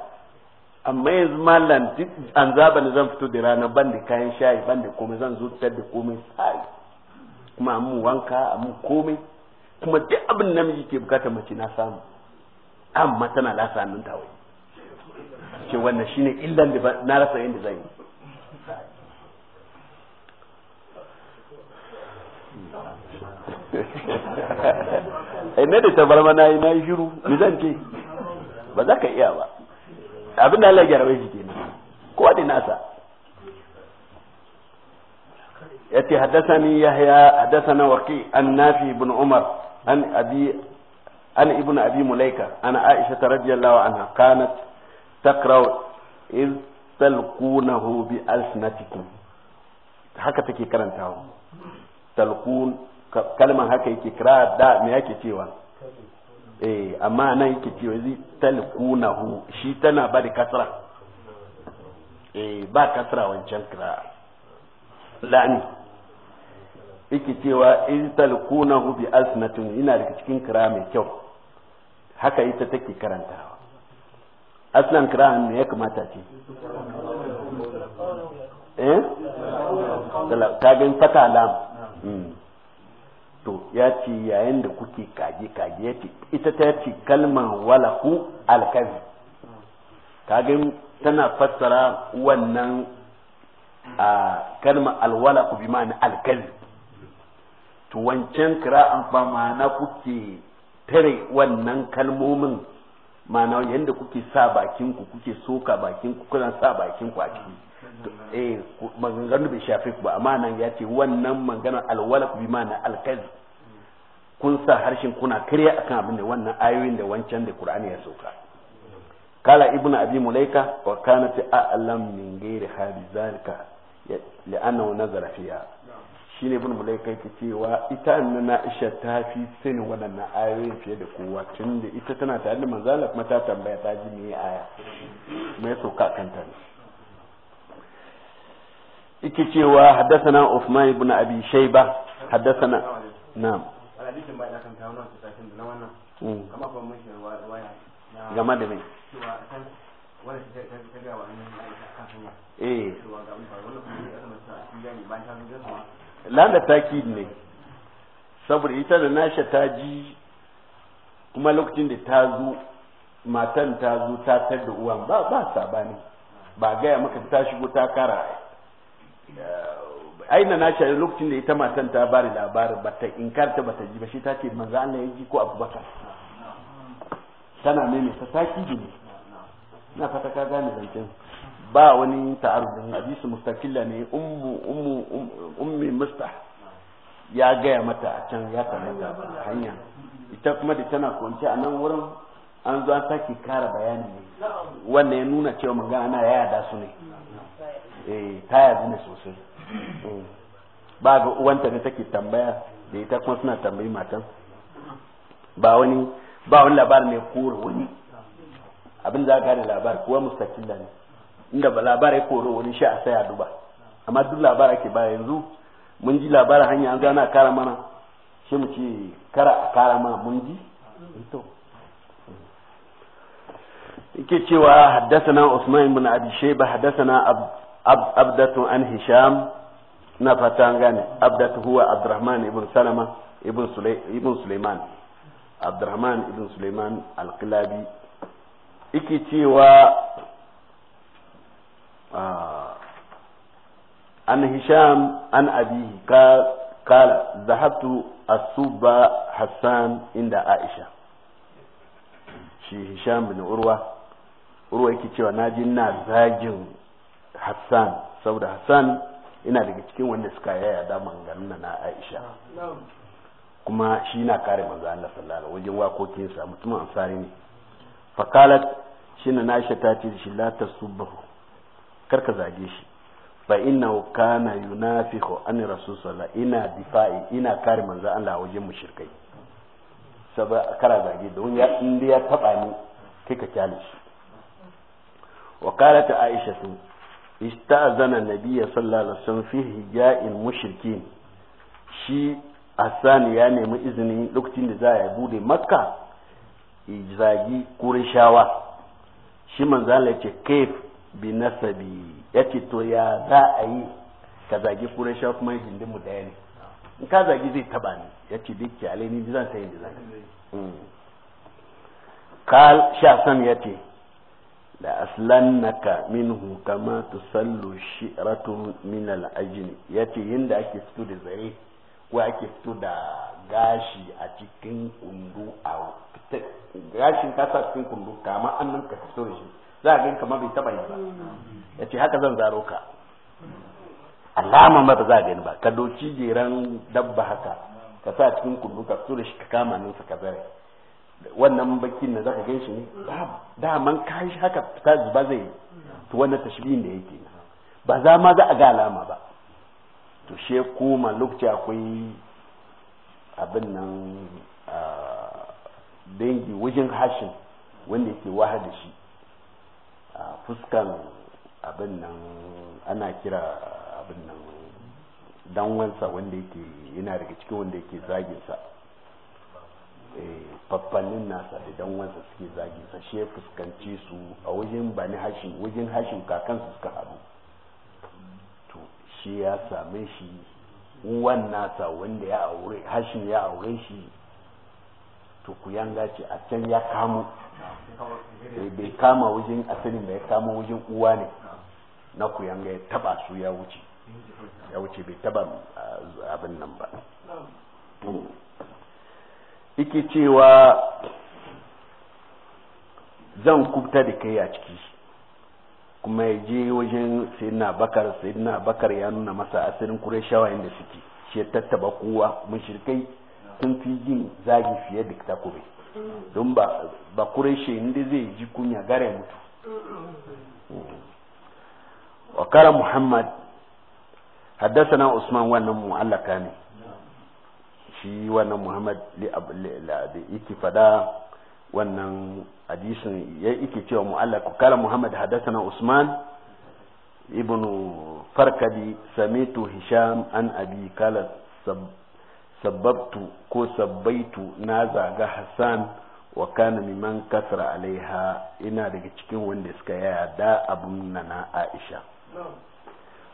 amma yanzu mallan duk an zaba ni zan fito da rana ban da kayan shayi ban da komai zan zo tar da komai sai kuma amma wanka amma komai kuma duk abin namiji ke bukata mace na samu amma tana lasa hannun tawai ce wannan shine illan da na rasa da zan yi na eh, eh, da tabarma na yi na yi shiru mi zan ce ba za ka iya ba abin da Allah ya gyara shi kenan kowa da nasa yace haddathani yahya haddathana waqi an nafi ibn umar an abi an ibn abi mulaika ana aisha radiyallahu anha kanat taqra iz talqunahu bi alsinatikum haka take karantawa talqun kalmar haka yake kira da me yake cewa eh amma nan yake cewa zai talkunahu shi tana ba da kasra eh ba kasra wancan kira lani yake cewa in talkunahu bi asnatin ina daga cikin kira mai kyau haka ita take karantawa asnan kira ne ya kamata ce eh ta gan fata lam hmm. to ya ce yayin da kuke kage kage ya ce ita ta ce kalmar walahu alkazi kage tana fassara wannan a kalmar alwalaku bi ma'ana alkazi to wancan kira an ba ma'ana kuke tare wannan kalmomin ma'ana yadda kuke sa bakin ku kuke soka bakin ku kuna sa bakin ku a ciki eh maganganu bai shafi ku ba amma nan ya ce wannan magana alwalak bi ma'ana alkazi kun sa harshen kuna kariya akan abin da wannan ayoyin da wancan da Qur'ani ya sauka kala ibnu abi mulaika wa kanat a'lam min ghairi hadi zalika li'annahu nazara fiha shine ibnu mulaika yake cewa ita annana Aisha ta fi sani waɗannan ayoyin fiye da kowa tunda ita tana tare da manzala kuma ta tambaya ta ji me aya me sauka kanta ne yake cewa haddasana Uthman ibn Abi Shayba haddasana na'am hadisin ba ina kan kawo nan da wannan ba mm. mun waya game da ta ne saboda ita da nasha ta ji kuma lokacin da ta zo matan ta zo ta tar da uwan ba ba sabani ba gaya maka ta shigo ta kara aina na shi lokacin da ita matan ta bari labarin ba bata inkarta ta ji ba shi ta ce manzo Allah ya ji ko Abubakar tana ne ta taki ne na fata ka gane zancen ba wani ta'arudin hadisi mustaqilla ne ummu ummu ummi mustah ya gaya mata a can ya kamata hanya ita kuma da tana kwance a nan wurin an zo an sake kara bayani ne wannan ya nuna cewa magana ana da su ne Eh, ta yazu ne sosai eh, ba ga uwanta ne take tambaya da ita kuma suna tambayi matan ba wani ba wani labar mai koro wani abin za ka da labar kuwa mustakilla ne inda ba labar ya koro wani sha a saya duba amma duk labar ake ba yanzu mun ji labar hanya an zana kara mana shi mu ce kara a kara mana mun ji to yake cewa haddasa na Usman ibn Abi Shayba na abdatu an hisham na fatan an gane abdatu huwa abdurrahman ibn salama ibn suleiman abdurrahman ibn suleiman alkilabi iki cewa ah, an hisham an abihi kala zahabtu asuba hassan inda aisha shi hisham bin urwa urwa yake cewa na ji na zagin Hassan saboda Hassan ina daga cikin wanda suka yaya da manganin na Aisha kuma shi na kare manzo Allah sallallahu wajen wakokinsa mutumin ansari ne fakalat shi na Aisha ta ce shi la tasubbahu kar ka zage shi fa inna kana yunafiqu an rasul sallallahu ina difa'i ina kare manzo Allah wajen mushrikai saba kara zage don ya inda ya taba ni kai ka kyale shi wa qalat aisha istazana nabiyya sallallahu alaihi wasallam fi hija'il mushrikin shi Hassan ya nemi izini lokacin da za a bude makka zagi kurishawa shi manzala ya ce kaif bi nasabi ya ce to ya za a yi ka zagi kurishawa kuma hindin mu daya ne in ka zagi zai taba ni ya ce duk ki alai ni zan sai da zagi kal shi Hassan ya ce la'aslannaka minhu kama tusallu shi'ratu min al ya ce yadda ake fito da zare ko ake fito da gashi a cikin kundu a gashin kasa cikin kundu kama annan ka fito da shi za a gani kama bai taba yi ba ya ce haka zan zaro ka alama ma ba za a gani ba ka doki jeran dabba haka ka sa cikin kundu ka fito da shi ka kama nan ka zare wannan bakin da zaka ganshi ne daman kai haka ta zuba zai to wannan tashbihin da yake ba za ma za a ga alama ba to she ma lokaci akwai abin nan dangi wajen hashin wanda yake wahar da shi a fuskan abin nan ana kira abin nan danwansa wanda yake yana daga cikin wanda yake zaginsa faffanin nasa da dan wansa suke zagi sa shi fuskanci su a wajen bani hashi wajen hashi kakan su suka haɗu to shi ya same shi uwan nasa wanda ya aure hashi ya aure shi to ku yanga ce a can ya kamo eh, bai kama wajen asalin bai kama wajen uwa ne na ku yanga ya taba su ya wuce ya wuce bai taba ah, abin nan ba yake cewa zan kubta da kai a ciki kuma ya je wajen sayyidina bakar sayyidina bakar ya nuna masa asirin shawayen da suke shi ya tattaba kowa mushrikai sun fi jin zagi fiye da ta kube don ba ba shi inda zai ji kunya gare mutu wa muhammad haddasa na usman wannan mu'allaka ne shi wannan muhammad da yake fada wannan hadisin ya yake cewa mu'allaq kala muhammad hadathana usman ibnu farkadi samitu hisham an abi kala sababtu ko sabbaitu na zaga hassan wa kana miman kasra alaiha ina daga cikin wanda suka yada abun nana aisha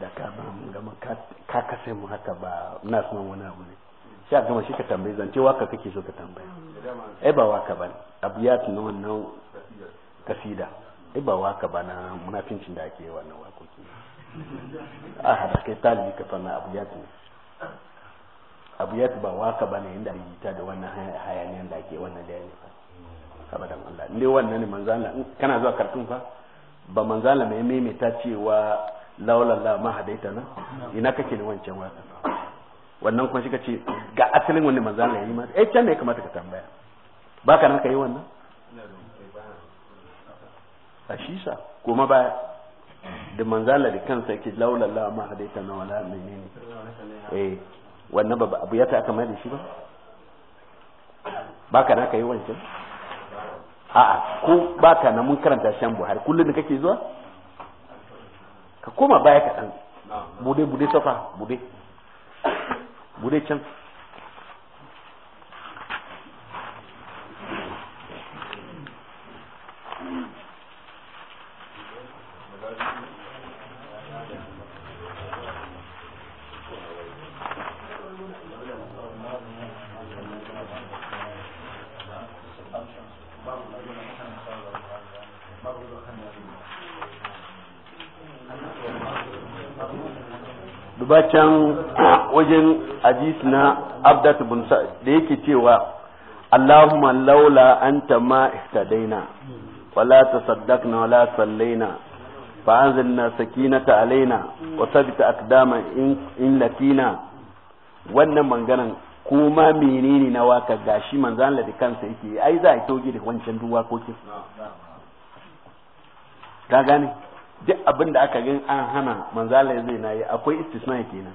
da ka ba mu da ka sai mu haka ba na san wani abu ne a gama shi ka tambaye zance waka kake so ka tambaya ai ba waka ba abu ya tuna wannan kasida ai ba waka ba na munafincin da ake wannan wakoki a hada kai talibi ka fana abu ya tuna abu ya ba waka ba ne inda yi ta da wannan hayaniyan da ake wannan da abadan Allah inda wannan ne manzala kana zuwa kartun fa ba manzala mai maimaita cewa laula la ma hadaita na ina kake ne wancan wata wannan kuma shika ce ga asalin wanda manzala yayi ma eh can ne kamata ka tambaya baka nan ka yi wannan a shi sa kuma ba da manzala da kansa yake laula la ma hadaita na wala menene eh wannan ba abu ya ta aka mai da shi ba baka na ka yi wancan a'a ko baka na mun karanta shan buhari kullum da kake zuwa ka koma baya ka dan bude bude safa bude bude can bacan wajen hadis na abdat bin sa'id da yake cewa allahumma laula anta ma ihtadaina wala tasaddaqna wala sallaina fa anzalna sakinata alaina wa sabita aqdama in latina wannan manganan kuma menene na waka gashi manzan Allah da kansa yake ai za a toge da wancan ko wakokin ka gane duk abin da aka gan an hana manzala ya zai na yi akwai istisna kenan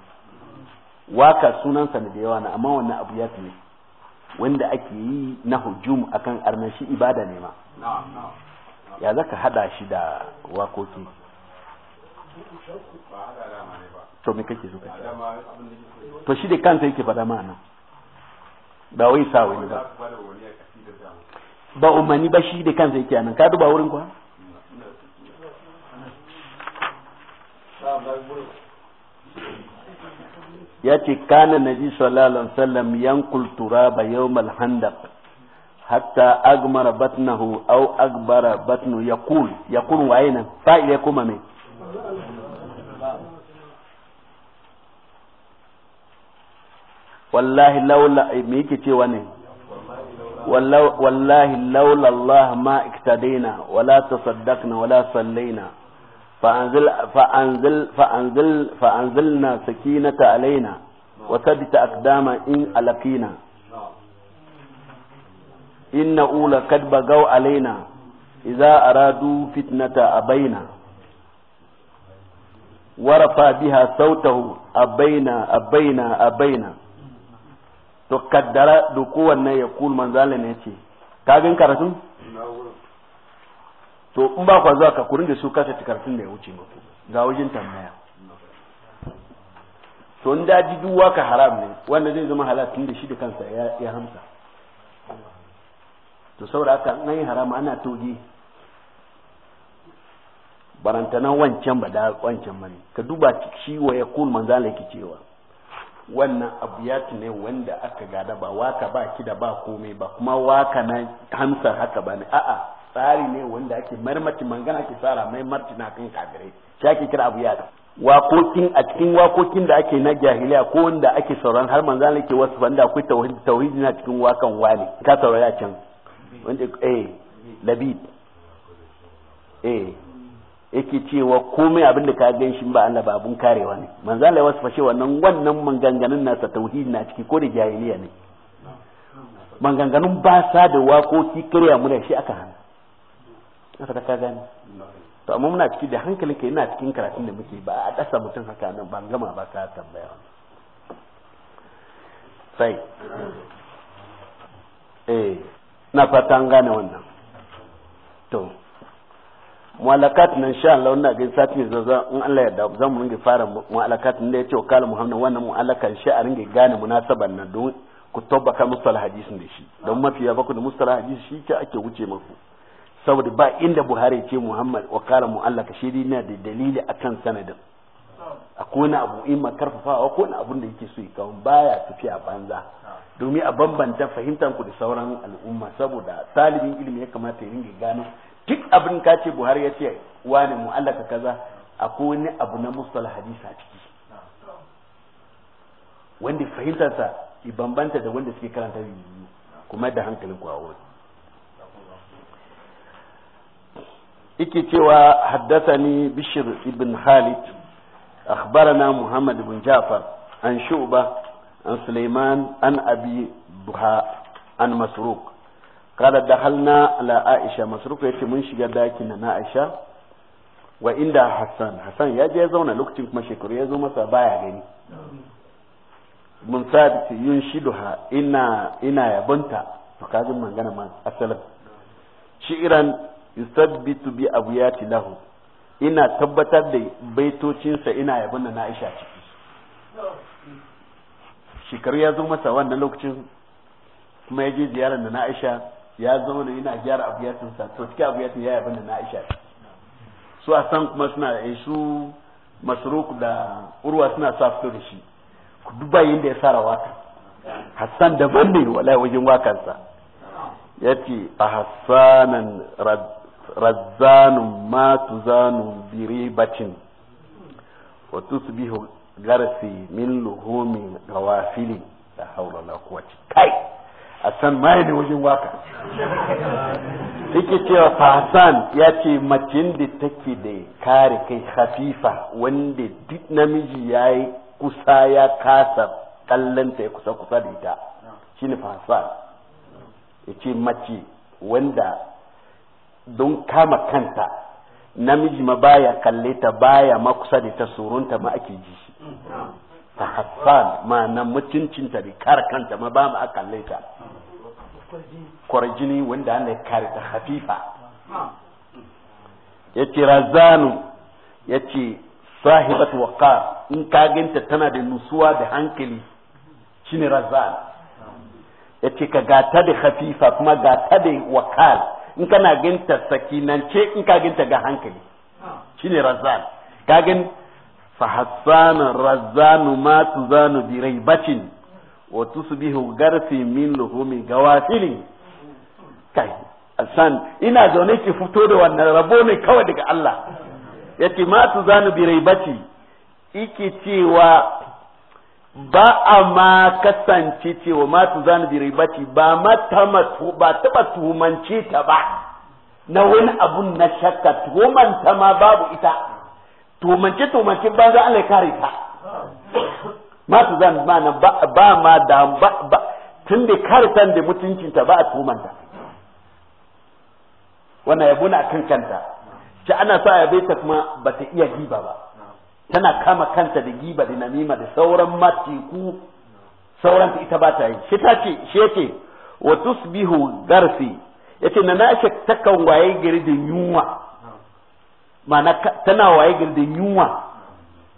waka sunansa da yawa na amma wannan abu ya fi wanda ake yi na hujum akan shi ibada ne ma ya zaka hada shi da wakoki to me kake zuka to shi da kansa yake faɗa ma'ana ba wai sa wani ba ba umani ba shi da kansa yake nan ka duba wurin kuwa ya ce kana nabi sallallahu alaihi wasallam yankul turaba yawmal handaq hatta agmara batnahu aw agbara batnu yaqul yaqul wa ayna fa'il kuma me wallahi laula me yake cewa ne wallahi laula Allah ma iktadaina wala tasaddaqna wala sallaina فأنزل فأنزل فأنزل فأنزلنا سكينة علينا وثبت أقدام إن ألقينا إن أولى قد بغوا علينا إذا أرادوا فتنة أبينا ورفع بها صوته أبينا أبينا أبينا تقدر دقوة يقول من ذلك كاغن كرتم to in ba kwa zuwa ka kurin da su kasa tikarfin da ya wuce ba, ga wajen tambaya to in daji duwa ka haram ne wanda zai zama halal da shi da kansa ya hamsa to saboda haka an yi harama ana toge barantana wancan ba da wancan mani ka duba shi wa ya kun manzala yake cewa wannan abiyat ne wanda aka gada ba waka ba da ba komai ba kuma waka na hamsa haka ne a'a tsari ne wanda ake marmati mangana ake tsara mai martina kan kafirai shi ake kira abu yada wakokin a cikin wakokin da ake na jahiliya ko wanda ake sauran har manzo Allah ke wasu banda akwai tauhid tauhid na cikin wakan wani ka ya can wanda eh labid eh yake cewa komai abin da ka gan shi ba Allah ba abun karewa ne manzo Allah wasu fashe wannan wannan manganganun nasa tauhidi na ciki ko da jahiliya ne manganganun ba sa da wakoki kirya mu da shi aka hana saka ka gane to amma muna ciki da hankalin ka yana cikin karatun da muke ba a ƙasa mutum haka nan ban gama ba ka tambaya sai eh na fata an gane wannan to mu'alakat nan sha Allah wannan ga sati ne zaza in Allah ya yarda za mu ringe fara mu'alakat ne ce wa kala Muhammad wannan mu'alakan shi a ringe gane munasaban nan don ku tabbaka mustalah hadisin da shi don mafiya ba ku da mustalah hadisi shi ke ake wuce maku saboda ba inda buhari ce muhammad wa kala mu'allaka shi na da dalili akan sanadin a kone abu in ma karfafawa ko wani abun da yake so ya baya tafiya banza domin a bambanta fahimtar ku da sauran al'umma saboda talibin ilimi ya kamata ya ringa gano duk abin ka ce buhari ya ce wani mu'allaka kaza a kone abu na mustalah hadisa a ciki wanda fahimtarsa ya bambanta da wanda suke karanta biyu kuma da hankalin ku a yake cewa haddathani bishir ibn khalid akhbarana muhammad ibn ja'far an shu'ba an suleiman an abi buha an Kada da dakhalna ala aisha masruk yace mun shiga dakin na aisha wa inda hassan hassan ya je zauna lokacin kuma shekaru ya zo masa baya gani mun sabiti yun shiduha ina ina yabonta to kajin magana ma asalin shi iran yusabbitu bi abiyati lahu ina tabbatar da baitocinsa ina yabin na Aisha ciki shekaru ya zo masa wannan lokacin kuma ya je ziyarar da na Aisha ya zauna ina gyara abiyatinsa to cikin abiyatin ya yabin da na Aisha su a san kuma suna da su masruk da urwa suna sa fito da shi ku duba da ya sara waka Hassan daban ne wallahi wajen wakansa yace a Hassanan rabbi razzanun ma tuzanu biribatin wa tusbihu garsi min luhumi gawafili da haula la kai a san mai ne wajen waka yake cewa fasan ya ce macin da take da kare kai hafifa wanda duk namiji ya yi kusa ya kasa kallanta ya kusa kusa da ita ne fasan ya ce mace wanda don kama kanta namiji ma baya kalle ta baya ma kusa da ta surunta ma ake ji shi ta hassan ma na mutuncinta da kare kanta ma ba ma a kalle ta kwarjini wanda ana kare ta hafifa ya ce razanu ya ce sahibat waqar in ka ganta tana da nusuwa da hankali shine razan ya ce ka gata da hafifa kuma gata da wakal in kana ginta sakinance in ka ginta ga hankali shine razan ka gin fa razan ma tuzanu bi raibatin wa tusbihu garfi min luhumi gawafilin kai Asan ina zaune ki fito da wannan rabo ne kawai daga Allah yace ma tuzanu bi raibati iki cewa ba a ma kasance cewa ma tu zanu bi ribati ba ma tu ba taba tuhumance ta ba na wani abun na shakka tuhumanta ma babu ita tuhumance tuhumance ba za Allah kare ta ma tu zanu ma na ba ma da ba tun da kare san da ta ba a tuhumanta wannan yabo na kan kanta ci ana sa yabe ta kuma ba ta iya giba ba tana kama kanta da giba da namima da sauran matiku sauran ta ita ba ta yi shi ta ce shi yake wa tusbihu garfi yace na nashe takan waye gari da yunwa ma'ana tana waye gari da yunwa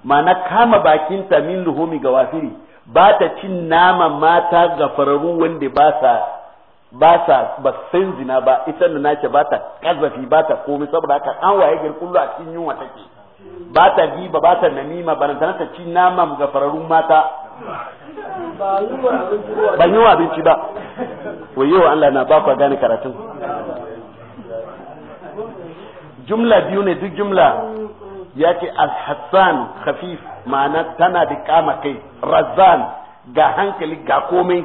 ma'ana kama bakinta min luhumi ga wafiri ba ta cin nama mata ga fararu wanda ba sa ba sa ba san zina ba ita na nace ba ta kazafi ba ta komai saboda haka an waye gari kullu a cikin yunwa take ba ta bi ba ta namima ba ta ci nama ga mata ban yi wa abinci ba wayo Allah na ba ku gane karatun jumla biyu ne duk jumla ya ce al-hassan khafif ma'ana tana da kama kai razan ga hankali ga komai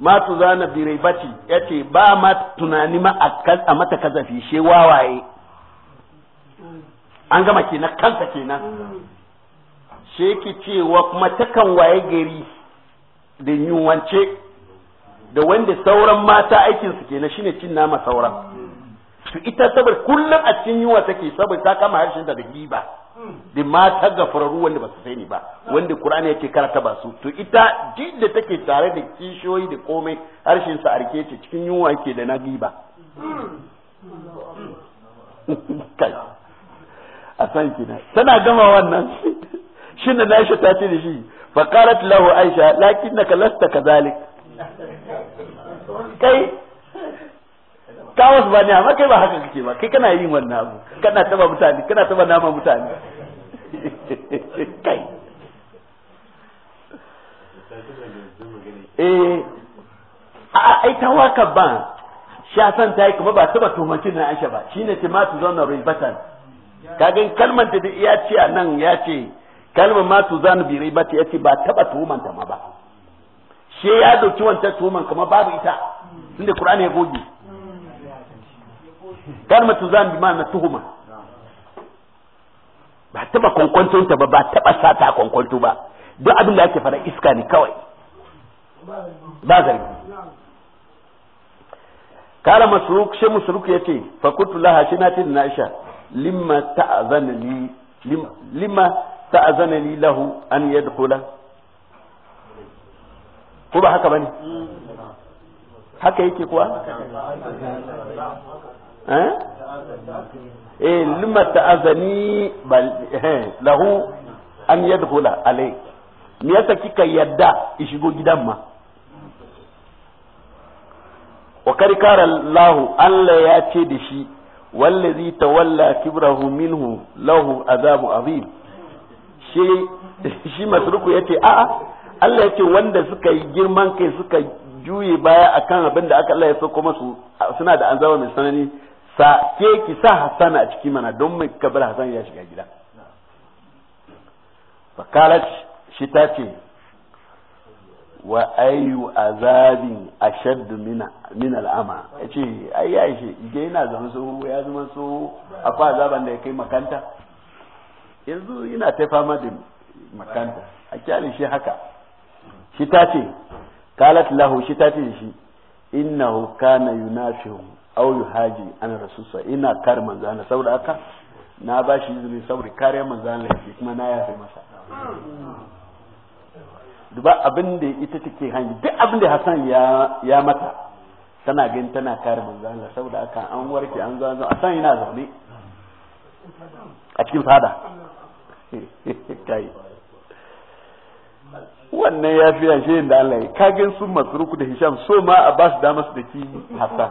ma tu zana birai bace ya ce ba ma tunani ma a mata kazafi she wawaye an gama kenan kansa kenan shi yake cewa kuma takan waye gari da yunwance da wanda sauran mata aikinsu kenan shine cin nama sauran su ita sabar kullum a cikin yunwa take saboda ta kama harshen da giba da mata gafararru wanda ba su sani ba wanda qur'ani yake karata ba su to ita duk da take tare da kishoyi da komai harshen sa arke ce cikin yunwa yake da na giba <laughs> a san kina tana gama wannan shi na Aisha ta ce da shi fa qalat lahu Aisha lakinnaka lasta kadhalik kai ka wasu ba ne amma kai ba haka kake ba kai kana yin wannan abu kana taba mutane kana taba nama mutane <laughs> kai eh a ai ta waka ba shi san ta yi kuma ba taba tumakin na Aisha ba shine timatu zauna ribatan kaga kalmar da ya ce a nan ya ce kalmar ma tu zanu bi riba ya ce ba taba tuman ta ma ba she ya dauki wancan tuman kuma babu ita tunda qur'ani ya goge kalmar tu zanu bi ma na tuhuma ba taba kwankwanton ta ba ba taba sata kwankwanto ba duk abin da ake fara iska ne kawai ba zargi kala masruk shi masruk yace fa kuntu laha shi na ce na isha lima ta'azana li lima ta'azana li haka bane haka yake kuwa eh eh lima ta'azani bal eh, lahu an yadkhula alai me yasa kika yadda ishigo gidan ma wa karkara Allah Allah ya ce da shi wallazi tawalla kibrahu minhu lahu azabu azim shi shi masruku yace a'a Allah ce wanda suka yi girman kai suka juye baya akan abin da aka Allah ya masu suna da anzaba mai sanani sa ke ki sa Hassan a ciki mana don mai kabar Hassan ya shiga gida fakalat shi ce wa ayu azabin ashaddu min al'ama ya ce ai ya ishe ije ina zama so ya zama so akwai azaban da ya kai makanta yanzu yana ta fama da makanta a kyale shi haka shi ta ce kalat lahu shi ta ce shi innahu kana yunafihu aw yuhaji an rasulsa ina kar manzana saboda haka na ba shi izini saboda kare manzana kuma na yafe masa duba abin da ita take hanyi duk abin da Hassan ya mata tana gani tana kare manzo Allah saboda aka an warke an zanzo san yana zaune a cikin fada <laughs> kai wannan ya fi yashe da Allah ka gan su masruku da Hisham so ma a ba su dama da ki Hassan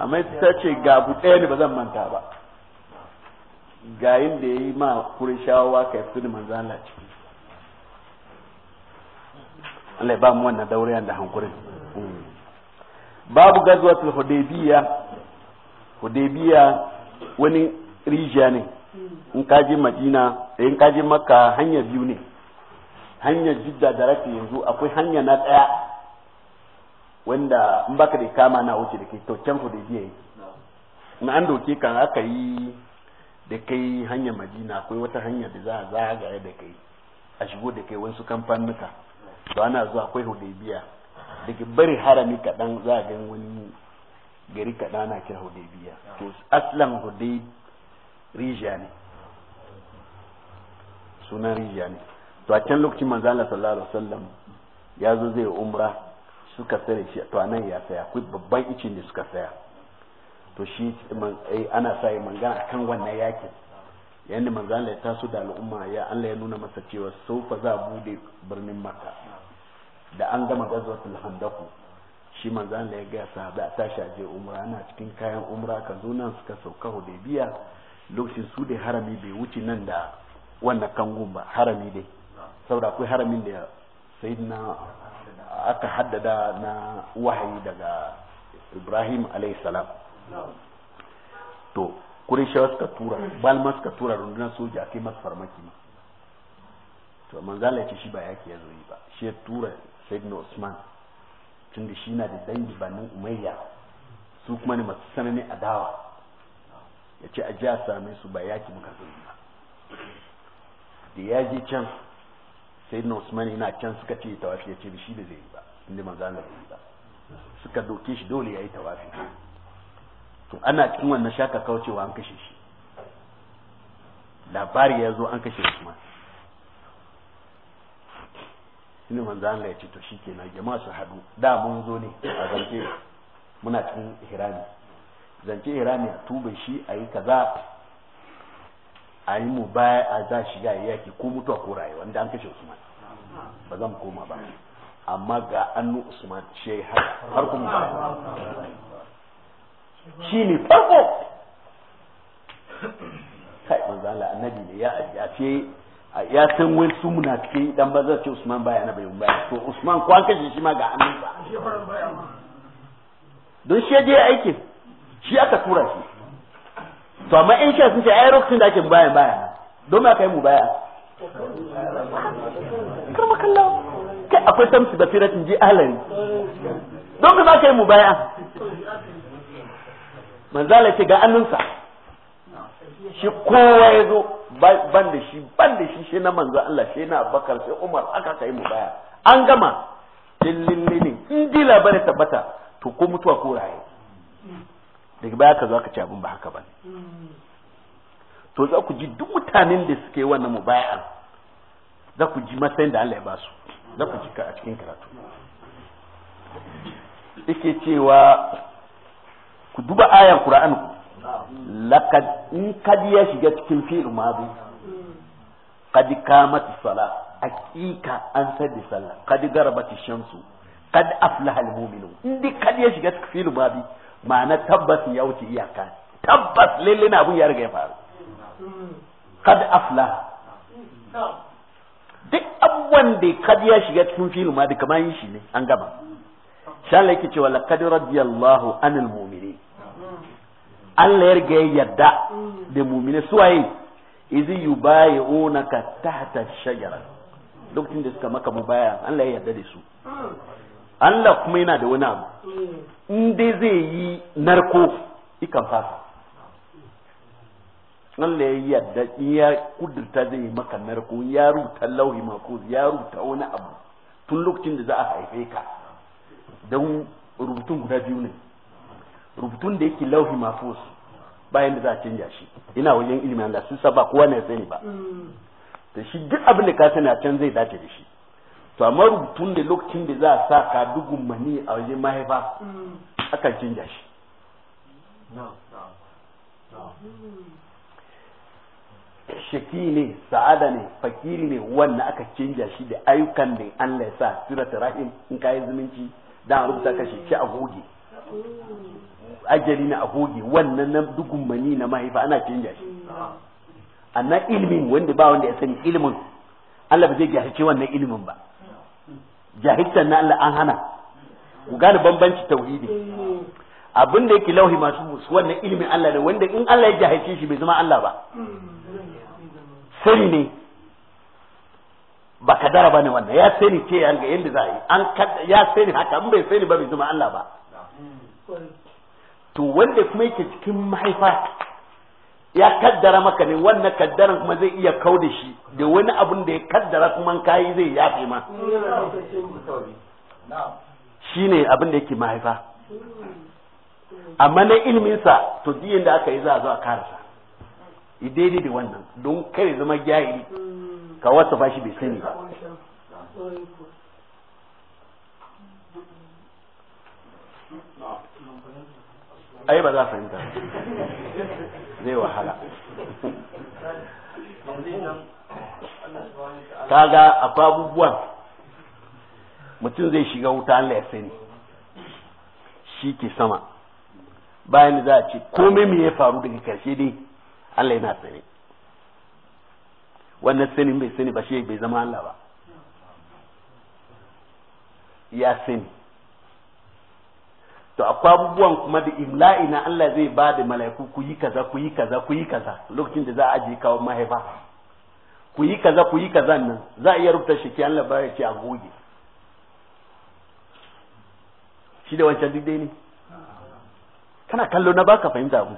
amma ita ce ga bu ɗaya ne ba zan manta ba ga yin da yayi ma kurishawa ka yi manzo Allah ciki Allah ba mu wannan dauriyan da hankurin babu gazwatul hudaybiya hudaybiya wani rijiya ne in ka madina eh, in ka makka hanya biyu ne hanyar jidda da rafi yanzu akwai hanya na daya wanda in baka da kama na wuce da kai to can hudaybiya yake in an doke kan aka yi da kai hanyar madina akwai wata hanya da za a zagaya da kai a shigo da kai wasu kamfanuka to ana zuwa akwai hudaybiya daga bari harami kaɗan za a gan wani gari kaɗan ana kira hudaybiya to aslan hudayb rijiya ne sunan rijiya ne to a can lokacin manzo Allah sallallahu alaihi wasallam ya zo zai umra suka tsare shi to anan ya saya akwai babban icin da suka saya to shi eh, ana sa yi mangana akan wannan yakin yadda manzo Allah ya taso da al'umma ya Allah ya nuna masa cewa saufa za bude birnin Makka da an gama gazwatul handaku shi manzo Allah ya ga a tashi a je umra ana cikin kayan umra ka zo nan suka sauka Hudaybiya lokacin su da harami bai wuce nan da wannan kangun ba harami dai saboda akwai haramin da sayyidina aka haddada na wahayi daga Ibrahim alayhi salam to kurishawa suka tura balma suka tura rundunar soja a kai masu farmaki to manzala ya ce shi ba yaki ya zoyi ba shi ya tura sayyidina usman tun da shi na da dangi ba nan umayya su kuma ne masu sanani dawa. ya ce a ji a same su ba yaki muka zoyi ba da ya je can sayyidina usman yana can suka ce tawafi ya ce shi da zai yi ba inda manzala zai yi ba suka doke shi dole ya yi tawafi to ana cikin wannan shaka kaucewa an kashe shi labari ya zo an kashe usman shi ne manzo Allah ya ce to shikenan jama'a su hadu da mun zo ne a zance muna cikin hirami zance hirami a tuba shi a yi kaza a yi mu baya a za shi ya yaki ko mutuwa ko rayuwa da an kashe usman ba zan koma ba amma ga annu usman shi ya har kuma ba shi ne farko kai manzo Allah annabi ne ya ce ya san wai su ce, dan bazar ce Usman baya na bayan baya to Usman ko an kashe shi ma ga ba don shi je aikin shi aka tura shi to amma in shi sun ce ai rokin da ake mu baya don don ma kai mu baya kar makalla kai akwai tamsi da firatin ji alani don ka za ka yi mu baya manzala ce ga annunsa shi kowa ya zo ban da shi ban da shi shi na manzo Allah shi na bakar sai Umar aka kai mu baya an gama dillillinin in di ta tabbata to ko mutuwa ko raye daga baya ka zo aka ce abin ba haka ba to za ku ji duk mutanen da suke wannan baya za ku ji matsayin da Allah ya ba su za ku ji a cikin karatu yake cewa ku duba ayan Qur'an laqad in kad ya shiga cikin fi'il madi kad qamat sala aqiqa an sadi sallah kad garabat shamsu kad aflaha almu'minun in kad ya shiga cikin fi'il madi ma'ana tabbas ya wuce iyaka tabbas lalle na abun ya riga ya faru kad aflaha duk abubuwan da kad ya shiga cikin fi'il madi kamar yin shi ne an gama shan yake cewa laqad radiyallahu anil mu'minin Allah ya riga ya yarda da mumine suwaye izi ka tahta shajara lokacin da suka maka mubaya Allah ya yarda da su Allah kuma yana da wani abu in dai zai yi narko ikan fasa Allah ya yarda in ya kudurta zai maka narko ya ruta lauhi mako ya ruta wani abu tun lokacin da za a haife ka don rubutun guda biyu ne rubutun da yake lauhi mafus bayan da za a canja shi ina wajen ilimin Allah sun ba kowa ne sani ba to shi duk abin da ka sani a can zai dace da shi to amma rubutun da lokacin da za a sa ka dugun mani a wajen mahaifa aka canja shi shaki ne sa'ada ne fakiri ne wannan aka canja shi da ayyukan da Allah ya sa ta rahim in kayi zumunci dan rubuta ka shi a goge ajali na agoge wannan na dugun mani na mahaifa ana canja shi annan ilimin wanda ba wanda ya sani ilimin Allah ba zai jahilce wannan ilimin ba jahilcen na Allah an hana ku gane bambanci tauhidi abin da yake lauhi masu musu wannan ilimin Allah ne wanda in Allah ya jahilce shi bai zama Allah ba sani ne ba dara ba ne wannan ya sani ce ya ga za a yi an ya sani haka in bai sani ba bai zama Allah ba to wanda kuma yake cikin mahaifa ya kaddara maka ne wannan kaddaran kuma zai iya kau da shi da wani abun da ya kaddara kuma kayi zai yafe ma shine abin da yake mahaifa amma na ilminsa to diyan da aka yi za a zo a karasa daidai da wannan don kare zama jahili ka wasa fashi bai sani ba ai ba za fahimta zai wahala kaga a babubuwan mutum zai shiga wuta Allah ya sani shi ke sama bayan za a ce komai me ya faru daga karshe dai Allah yana sani wannan sanin bai sani ba shi bai zama Allah ba ya sani to akwai abubuwan kuma da imla'i na Allah zai ba da mala'iku ku yi kaza ku yi kaza ku yi kaza lokacin da za a je kawo mahaifa ku yi kaza ku yi kaza nan za a iya rubuta shi ke Allah ba ce a goge shi da wancan duk dai ne kana kallo na baka fahimta abu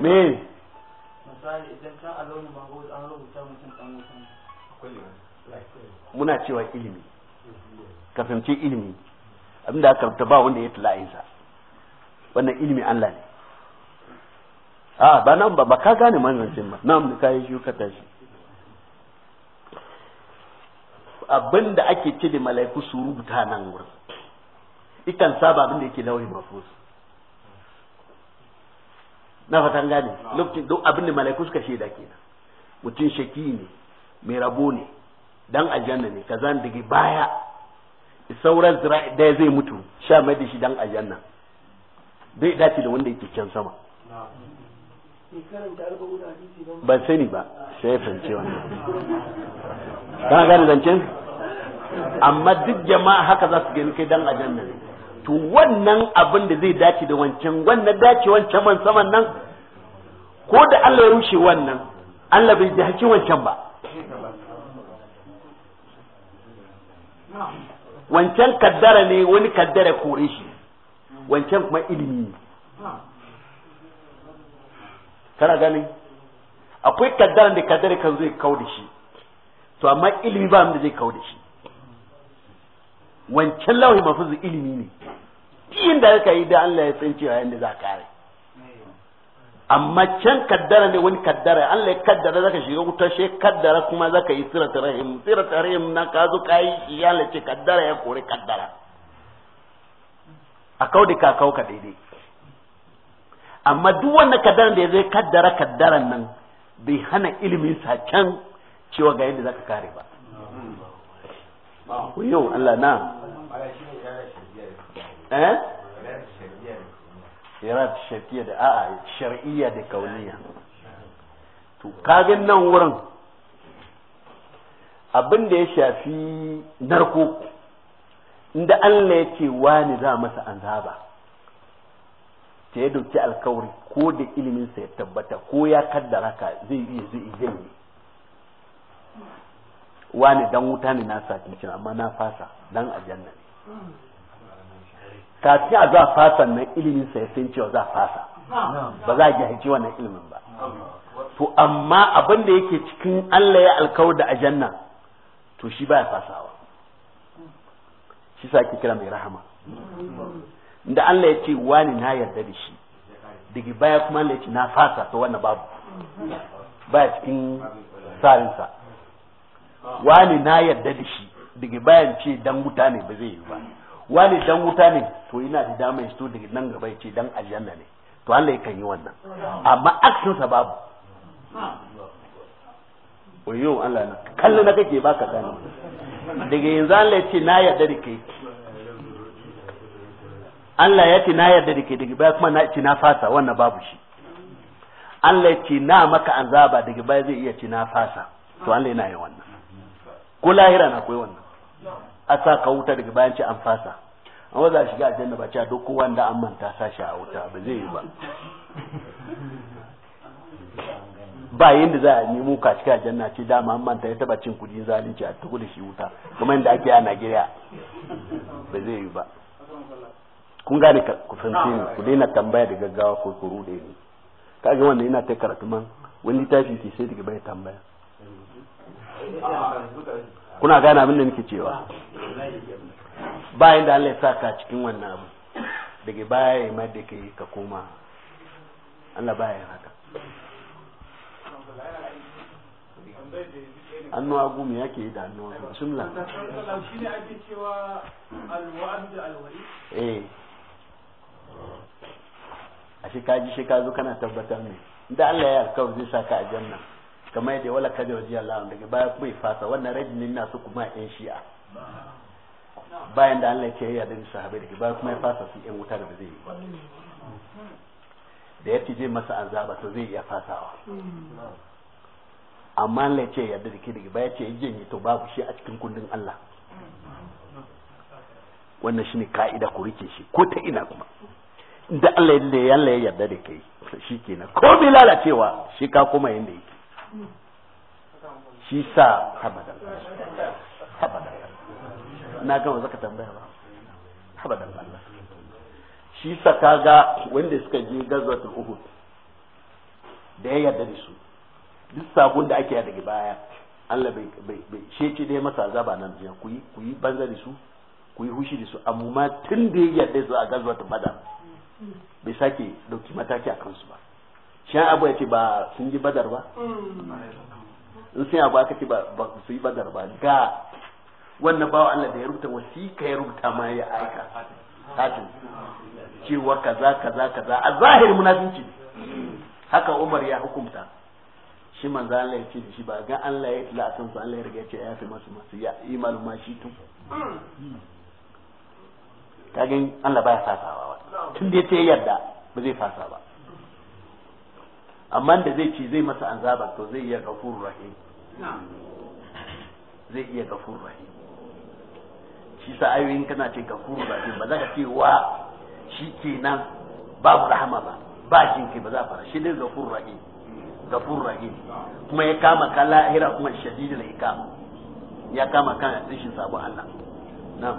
me misali muna cewa ilimi ka fahimci ilimi abinda aka rubuta ba wanda ya tila'in sa wannan ilimi Allah ne a ba nan ba ba ka gane sai ma nan da kayi shi ka tashi abin da ake ce da mala'iku su rubuta nan gurin ikan saba abin da yake lauyi mafus na fatan gane lokacin duk abin da mala'iku suka shaida kenan mutum shaki ne mai rabo ne dan ajanna ne kaza daga baya sauran zira'i daya zai mutu sha mai da shi dan aljanna bai dace da wanda yake can sama ban sani ba sai ya fahimci wannan kana gane zancen amma duk jama'a haka za su gani kai dan aljanna ne to wannan abin da zai dace da wancan wannan dace wancan man saman nan ko da Allah ya rushe wannan Allah bai da wancan ba wancan kaddara ne wani kaddara kore shi wancan kuma ilimi ne kana gani akwai kaddara da kaddara kan zai kau da shi to amma ilimi ba da zai kau da shi wancan lauhi mafuzu ilimi ne yin da aka yi da Allah ya san cewa yadda za a kare amma can kaddara ne wani kaddara Allah ya kaddara zaka shiga wuta she kaddara kuma zaka yi sirat rahim sirat rahim na ka zo kai iyala ce kaddara ya kore kaddara a kaudi ka daidai amma duk wanda kaddara da zai kaddara kaddaran nan bai hana ilimi sa can cewa ga yadda zaka kare ba yau Allah na eh irad shafiya da a'a shar'iyya da kauniya to kagan nan wurin abin da ya shafi narko inda Allah ya ce wani za masa anzaba ta ya dauki alkawari ko da iliminsa ya tabbata ko ya kaddara ka zai yi zai zai yi wani dan wuta ne na sa amma na fasa dan aljanna ne kafin a za fasa nan ilimin sa ya san cewa za fasa ba za a jahilci wannan ilimin ba to amma abin da yake cikin Allah ya alkawar da ajanna to shi baya fasawa shi sa ake kira mai rahama da Allah ya ce wani na yarda da shi daga baya kuma Allah ya ce na fasa to wannan babu baya cikin sarinsa wani na yarda da shi daga bayan ce dan wuta ne ba zai yi ba wani dan wuta ne to ina da dama ya fito daga nan gaba ya ce dan aljanna ne to Allah yakan yi wannan amma aksin sa babu oyo Allah na kallo na kake baka gani daga yanzu Allah ya ce na yarda da kai Allah ya ce na yarda da kai daga baya kuma na ce na fasa wannan babu shi Allah ya ce na maka azaba daga baya zai iya ce na fasa to Allah yana yi wannan ko lahira na koyi wannan a sa ka wuta daga bayan ci an fasa an waza shiga a ba a duk wanda an manta sa shi a wuta ba zai yi ba ba da za a nemo ka cikin aljanna ce dama an manta ya taba cin kudi zalunci a tuku da shi wuta kuma yanda ake a Najeriya ba zai yi ba kun gane ku fahimce ni ku daina tambaya da gaggawa ko ku rude ni kaga wannan yana ta karatu man wani littafi ke sai daga bai tambaya kuna gane abin da nake cewa bayan da Allah ya saka cikin wannan abu daga baya ya mai da ke ka koma Allah baya yin haka annu agu me yake yi da annu agu jumla shine ake cewa alwa'd alwa'id eh a shi kaji shi ka zo kana tabbatar ne da Allah ya alkawari zai saka a janna kamar yadda wala kaje jiya Allah daga baya kuma ya fasa wannan rajinin na su kuma yan shi'a bayan da Allah ya yarda da sahabbai daga baya kuma ya fasa su yan wuta da zai yi ba da ya tije masa azaba to zai iya fasawa amma Allah ya ce da ke daga baya ce yin to babu shi a cikin kundin Allah wannan shine ka'ida ku rike shi ko ta ina kuma da Allah ya yarda da kai shi kenan ko bi lalacewa shi ka kuma yanda yake shi sa habadan habadan na gama zaka tambaya ba habadan Allah shi sa kaga wanda suka je gazwatul uhud da ya yarda da su duk sabon da ake daga baya Allah bai bai bai sheci dai masa azaba nan jiya ku yi ku yi banza da su ku yi hushi da su amma tun da ya yarda su a gazwatul badar bai sake dauki mataki a kansu ba Shan abu ya ce ba sun yi badar ba mm. in sun abu aka ce ba su yi badar ba ga wannan bawa Allah da ya rubuta wasika ya rubuta ma ya aika hatin cewa kaza kaza kaza a zahiri munafinci haka Umar ya hukunta shi manzo Allah ya ce da shi ba ga Allah ya ila san su Allah ya riga ya ce ya fi masu masu ya imanu ma shi tun mm. gani Allah baya fasawa tun da ya ce yarda ba zai fasa ba amma da zai ce zai masa azaba to zai iya gafur rahim zai iya gafur rahim shi sa ayoyin kana ce gafur rahim ba za ka ce wa shi ba babu rahama ba ba jin kai ba za fara shi dai gafur rahim gafur rahim kuma ya kama ka lahira kuma shadidul ikam ya kama kan rishin sabon Allah na'am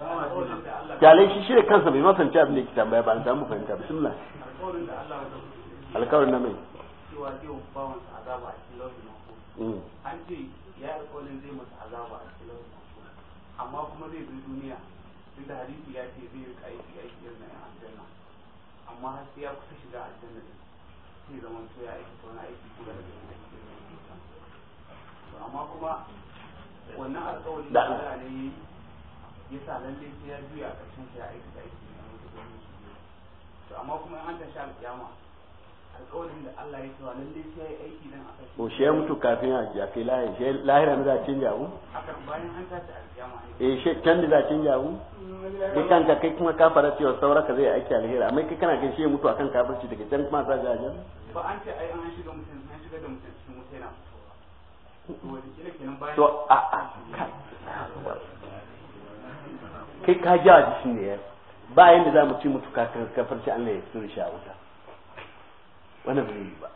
kyalai shi shi kansa bai mafanci abin da yake tambaya ba an samu fahimta bismillah alkawarin na mai an ce ya alkawarin zai masa azaba a cikin amma kuma zai bi duniya duk da hadisi ya ce zai rika aiki aiki irin na aljanna amma har sai ya kusa shiga aljanna din sai zaman to ya aiki ta wani aiki ko da amma kuma wannan alkawarin da Allah ne yasa lalle sai ya juya a ƙarshen sai ya aiki da aiki na wata domin su biyu to amma kuma in an sha alƙiyama alƙawarin da Allah ya cewa lalle sai ya yi aiki dan aka ko shi ya mutu kafin a ja kai lahira shi lahira ne za a canja mu haka bayan an ta tashi alƙiyama eh shi can ne za a canja mu kai ka kai kuma ka fara cewa saura ka zai aiki alheri amma kai kana kai shi ya mutu akan kafirci daga can kuma za a ja ba an ce ai an shiga mutum an shiga da mutum cikin wuta yana fitowa to a a kai ka ji a jikin ne ya ba yadda za mu ci mutu ka kafarci Allah ya fito shi a wuta wannan bai yi ba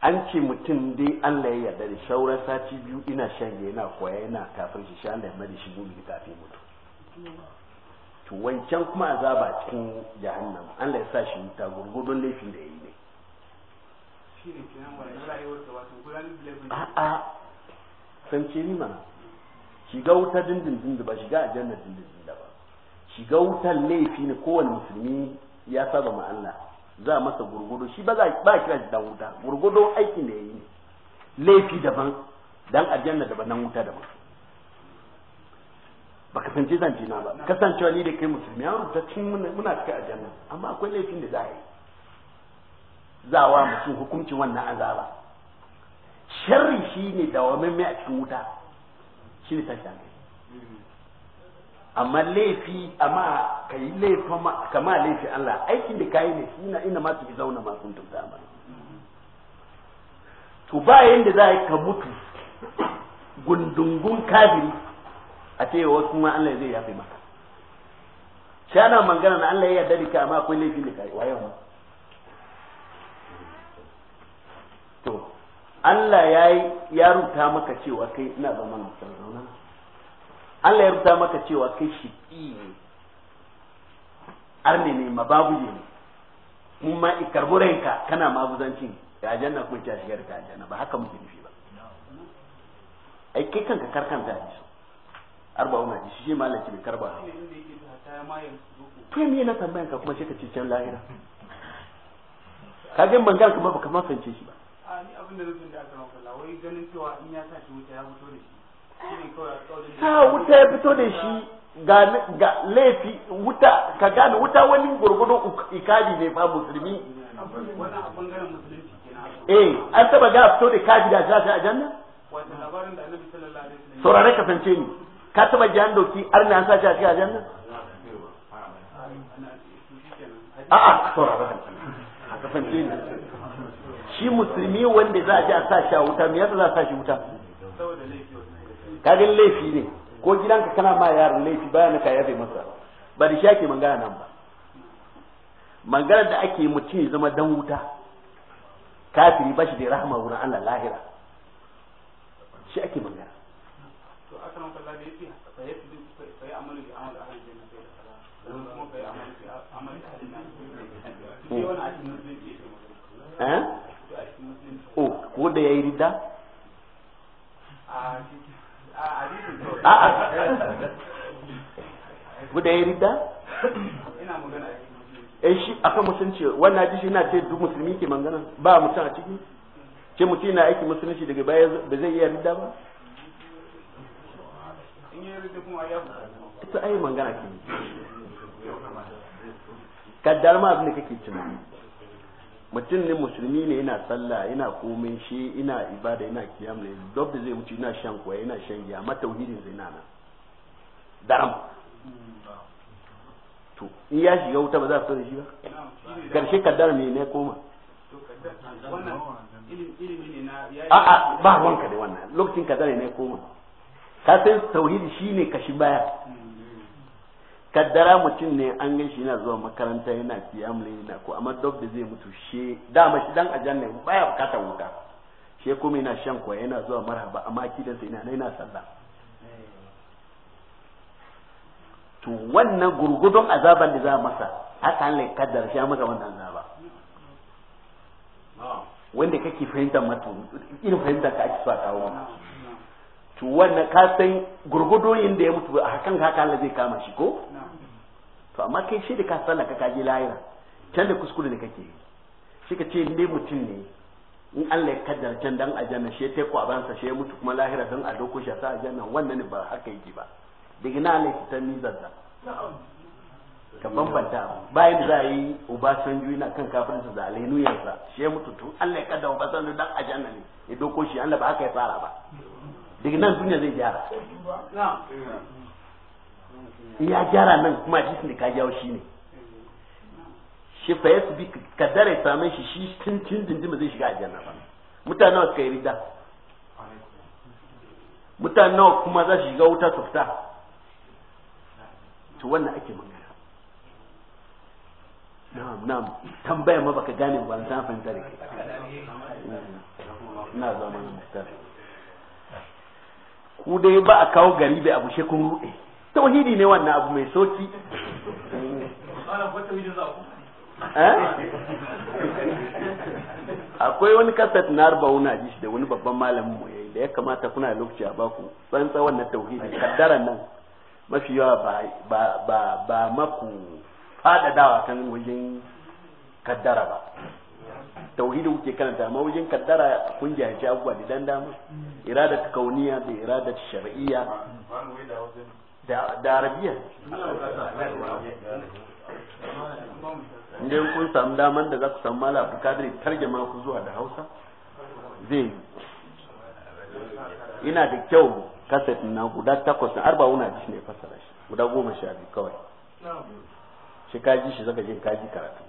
an ce mutum dai Allah ya yarda da shauran sati biyu ina shan yana koya yana kafin shi sha Allah ya mada shi mumin kafin mutu to wancan kuma azaba cikin jahannam Allah ya sa shi ta gurgudun laifin da ya yi ne a'a san ce ni mana shiga wuta dindindin da ba shiga aljanna dindindin da ba shiga wutar laifi ne kowane musulmi ya saba ma Allah za masa gurgudo shi ba ba kira da wuta gurgudo aikin da yayi laifi daban dan aljanna daban nan wuta daban ba ka sanci zan na ba kasancewa ni da kai musulmi an rubuta cin muna cikin aljanna amma akwai laifin da za a yi za wa mutum hukuncin wannan azaba sharri shine dawamin mai a cikin wuta shi ne tashi amma laifi amma ka yi laifi kama laifi Allah aikin da kayi ne suna ina ma su zauna ma sun tafsa ma to ba yanda za ka mutu gundungun kafiri a ce wasu kuma Allah zai yafe maka shi ana magana na Allah ya yarda da ka amma akwai laifin da wayan wayewa Allah ya ya ruta maka cewa kai ina zama na zauna Allah ya ruta maka cewa kai shiƙi ne arne ne mababu ne mun ma ikarburenka kana mabuzancin da janna kuma ta shigar ta janna ba haka muke nufi ba ai kai kanka karkanta ne su arba'una ji shi malaki bai karba to me na tambayan ka kuma sai ka ce can lahira ka ga bangar kuma baka ma fance shi ba abin wuta ya fito da shi ga ga laifi wuta ka gane wuta wani gurgudu ikadi ne fa musulmi wannan a bangaren musulunci eh an taba ga fito da kadi da ta a janna labarin da annabi ni ka taba ji an doki arna an sace a cikin janna a'a saurare kasance ni shi musulmi wanda za a ji a sa shi a wuta me yasa za a sa shi wuta kagin laifi ne ko gidanka kana ma yaran laifi baya na ka yafe masa ba da shi ake mangana nan ba mangana da ake mutum ya zama dan wuta kafiri ba shi da rahama wurin Allah lahira shi ake mangana to aka nan kalla da yafi fa yafi fa kuma fa eh ko da yi rida? a a ko da yayi ridda ina magana eh shi akan musulunci wannan jishi na ce duk musulmi ke magana ba mutum a ciki ce mutum na aiki musulunci daga baya ba zai iya rida ba ita ai magana ke kaddar ma abin da kake tunani mutum ne musulmi ne yana sallah yana komai shi ina ibada yana kiyam ne duk da zai mutu yana shan kuwa yana shan giya amma tauhidin zai nana daram to in ya shiga wuta ba za a fara shi ba karshe kaddar me ne koma a'a ba wanka da wannan lokacin kaddar ne koma ka san tauhidi shine kashi baya kaddara mutum ne an gan shi yana zuwa makaranta yana kiyam yana ko amma duk da zai mutu she dama shi dan ajanna baya bukatar wuta she kuma yana shan kwa yana zuwa marhaba amma kidan sai yana yana sallah to wannan gurgudun azaban da za masa haka Allah ya kaddara shi masa wannan azaba wanda kake fahimtar mutum irin fahimtar ka ake so a kawo to wannan ka san gurgudoyin da ya mutu a hakan haka Allah zai kama shi ko to amma kai shi da ka sallah ka kaji layira. can da kuskure da kake shi ka ce ne mutum ne in Allah ya kaddara can dan aljanna shi ta ko abansa shi ya mutu kuma lahira dan a doko shi a sa aljanna wannan ne ba haka yake ba daga na Allah ta ni da ka bambanta bayan za yi juyi na kan kafirinsa da n'u yanzu shi ya mutu to Allah ya kaddara san dan aljanna ne ya doko shi Allah ba haka ya fara ba daga nan duniya zai gyara ya gyara nan kuma jisun da ka jawo shi ne shi fa yasu bi kaddara ya same shi shi tun tun dindin zai shiga aljanna ba mutane nawa suka yi rida mutane nawa kuma za su shiga wuta su fita to wannan ake magana na'am na'am tambaya ma baka gane ba ta fahimta da ke ina zama mutane ku dai ba a kawo gari bai abu shekun rude tauhidi ne wannan abu mai soki eh? akwai wani kasat na arba wuna ji da wani babban malamin mu yayi da ya kamata kuna lokaci a baku tsantsa wannan tauhidi kaddaran nan mafi yawa ba ba ba maku fadadawa kan wajen kaddara ba tauhidi kuke karanta amma wajen kaddara kun jahilci abubuwa da dan dama irada kauniya da irada shar'iyya da arabiya idan kun samu daman da za ku samu mala kadiri tarjama ku zuwa da hausa zai ina da kyau kaset na guda takwas na arba wuna ji ne fasara shi guda goma sha biyu kawai shi ka ji shi zaka jin ka ji karatu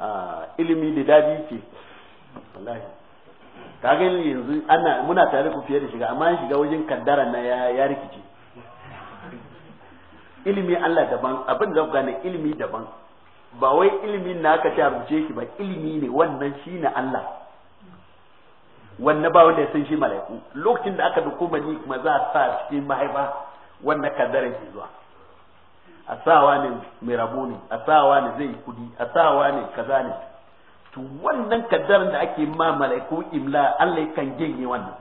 ah, ilimi da dadi ce wallahi Ka ga yanzu ana muna tare ku fiye da shiga amma shiga wajen kaddara na ya ya rikice ilimi Allah daban abin da gane ilimi daban ba wai ilimin na aka ce a rubuce ki ba ilimi ne wannan shine Allah Wanne ba wanda ya san shi mala'iku lokacin da aka duko mani kuma za a sa cikin mahaifa wannan kaddara ke zuwa a ne mai rabo ne a ne zai kudi a ne kaza ne to wannan kaddar da ake ma mala'iku imla Allah ya kan janye wannan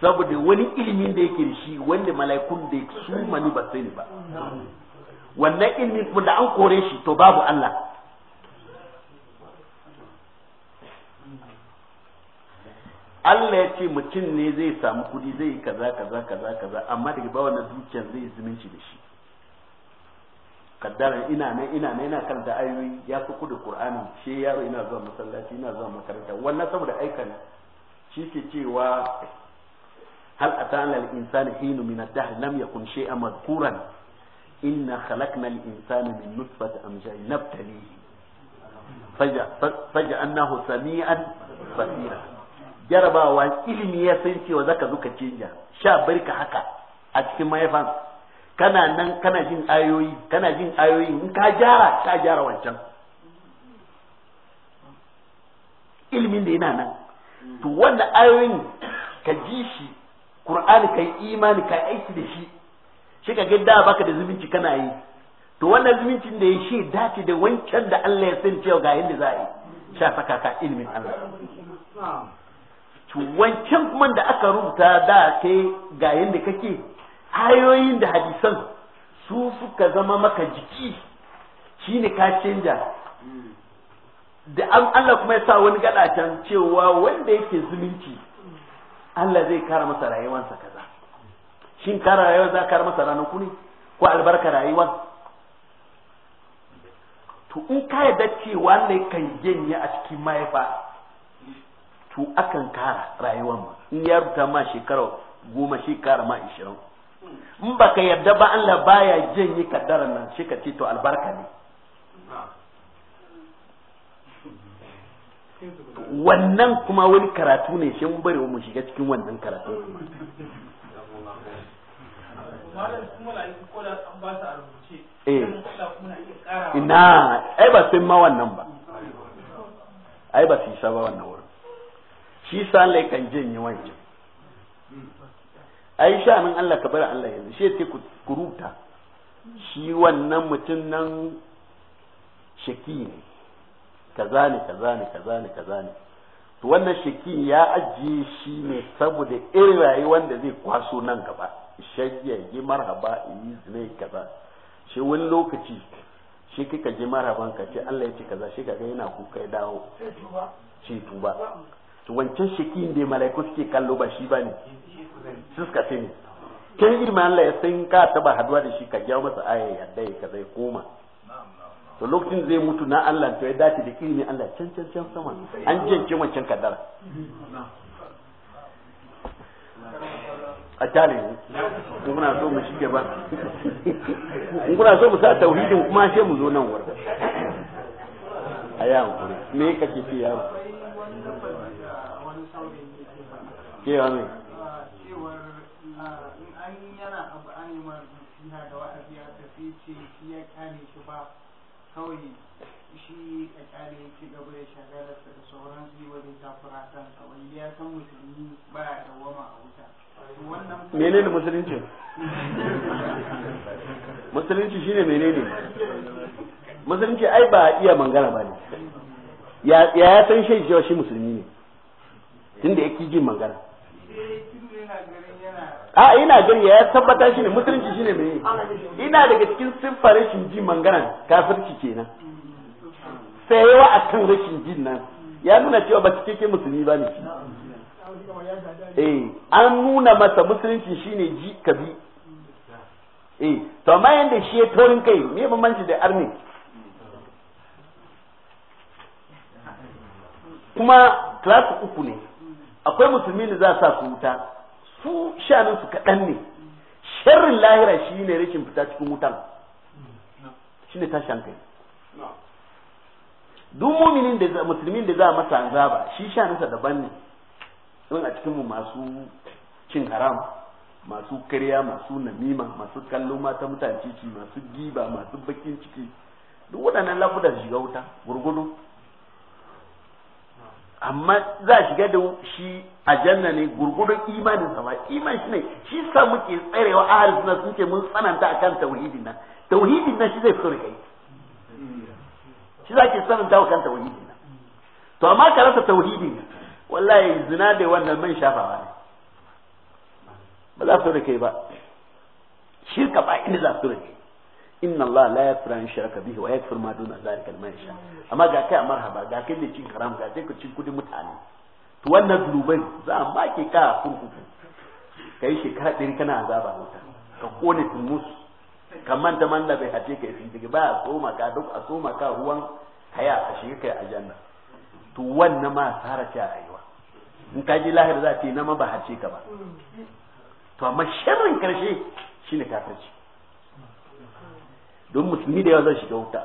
saboda wani ilimin da yake shi wanda mala'ikun da su manu ba sai ba wannan ilimin kuma da an kore shi to babu Allah Allah ya ce mutum ne zai samu kudi zai yi kaza kaza kaza kaza amma daga ba wannan dukiyar zai zumunci da shi kaddaran ina ne? ina ne ina karanta ayoyi ya fi kudu qur'ani she yaro ina zuwa masallaci ina zuwa makaranta wannan saboda aikana shi ke cewa hal atana al insani hinu min ad-dahr lam yakun shay'an madhkuran inna khalaqna al insana min nutfati Faja nabtalihi faja'annahu sami'an basira jarabawa ilimi ya san cewa zaka zuka canja sha barka haka a cikin mahaifan kana nan kana jin ayoyi kana jin ayoyi in ka jara ka jara wancan ilimin da yana nan to wanda ayoyin ka ji shi qur'ani kai imani kai aiki da shi shi ka da baka da zumunci kana yi to wannan zumuncin da ya shi dace da wancan da Allah ya san cewa ga yadda za a yi sha saka ka ilimin Allah to wancan kuma da aka rubuta da kai ga yadda kake ayoyin da hadisan su suka zama maka jiki shine ka canja da Allah kuma ya sa wani gada can cewa wanda yake zumunci Allah zai kara masa rayuwarsa kaza shin kara rayuwar za kara masa ranaku ne ko albarka rayuwar to in ka yadda cewa ne kan janye a cikin mahaifa to akan kara rayuwar mu. in ya rubuta ma shekara goma shekara ma ishirin in ka yarda ba Allah baya yi kaddaran nan shi ka ce to albarka ne wannan kuma wani karatu ne shi mun bari mu shiga cikin wannan karatu eh. kuma ina ai ba sai ma wannan ba ai ba su yi sa ba wannan wurin shi sa lai kan yi wancan ai nan Allah ka bar Allah yanzu shi yake ku shi wannan mutum nan shaki ne kaza ne kaza ne kaza ne kaza ne to wannan shaki ya ajiye shi ne saboda irin rayuwar da zai kwaso nan gaba shayya yi marhaba yi zai kaza shi wani lokaci shi kika ji marhaban ka ce Allah ya ce kaza shi kaga yana kuka ya dawo ce tuba to wancan shaki ne mala'iku suke kallo ba shi ba ne suka fi ne kin ma Allah ya san ka taba haduwa da shi ka jawo masa aya yadda ya kaza ya koma to lokacin zai mutu na Allah to ya dace da ilimin Allah can can can sama an jance wancan kaddara a tare ne kuna so mu shige ba in kuna so mu sa tauhidin kuma sai mu zo nan wurin a yi hankuri me kake ce yaro ke yawo in an yana abu an da wa'azi shi ya kyale shi ba kawai shi kyale ba ya dawama a menene musulunci musulunci shine menene musulunci ai ba iya mangana ba ne ya ya san shi shi musulmi ne tunda yake jin mangana a ina gani ya tabbata shi ne musulunci shi ne mai ina daga cikin siffar rashin ji mangana kafirci kenan yawa a kan rashin jin nan ya nuna cewa ba cike musulmi ba ne eh an nuna masa musulunci shine ji kabi eh to amma yadda shi ya taurin kai me bambanci da arni kuma class uku ne akwai musulmi da za sa su wuta su shanin su kaɗan ne sharrin lahira shi ne rashin fita cikin wutan shi ne tashi duk muminin da musulmin da za a masa azaba shi sa daban ne don a cikinmu masu cin haram masu karya masu namima masu kallo mata mutane ciki masu giba masu bakin ciki duk waɗannan lafuda shiga wuta gurgudu amma za a shiga da shi a janna ne gurgudun imanin sa ba iman shi ne shi sa muke tsarewa ahal suna sun ce mun tsananta akan tauhidin nan tauhidin nan shi zai fito da kai shi za ke tsananta akan tauhidin nan to amma ka rasa tauhidin wallahi zina da wannan man shafawa ne ba za su da kai ba shirka ba inda za su da kai inna Allah la yaghfiru an shirka bihi wa yaghfiru ma duna zalika liman yasha amma ga kai marhaba ga kai cin haram ga kai cin kudin mutane to wannan dubai za a make ka kurkuku kai shekara ɗin kana azaba wuta ka kone tumus ka manta man da bai hace ka yi daga ba a soma ka duk a soma ka ruwan haya a shiga kai aljanna to wannan ma tsara ce a rayuwa in ka ji lahir za ta yi na ma ba hace ka ba to amma sharrin karshe shine kafirci don musulmi da yawa zai shiga wuta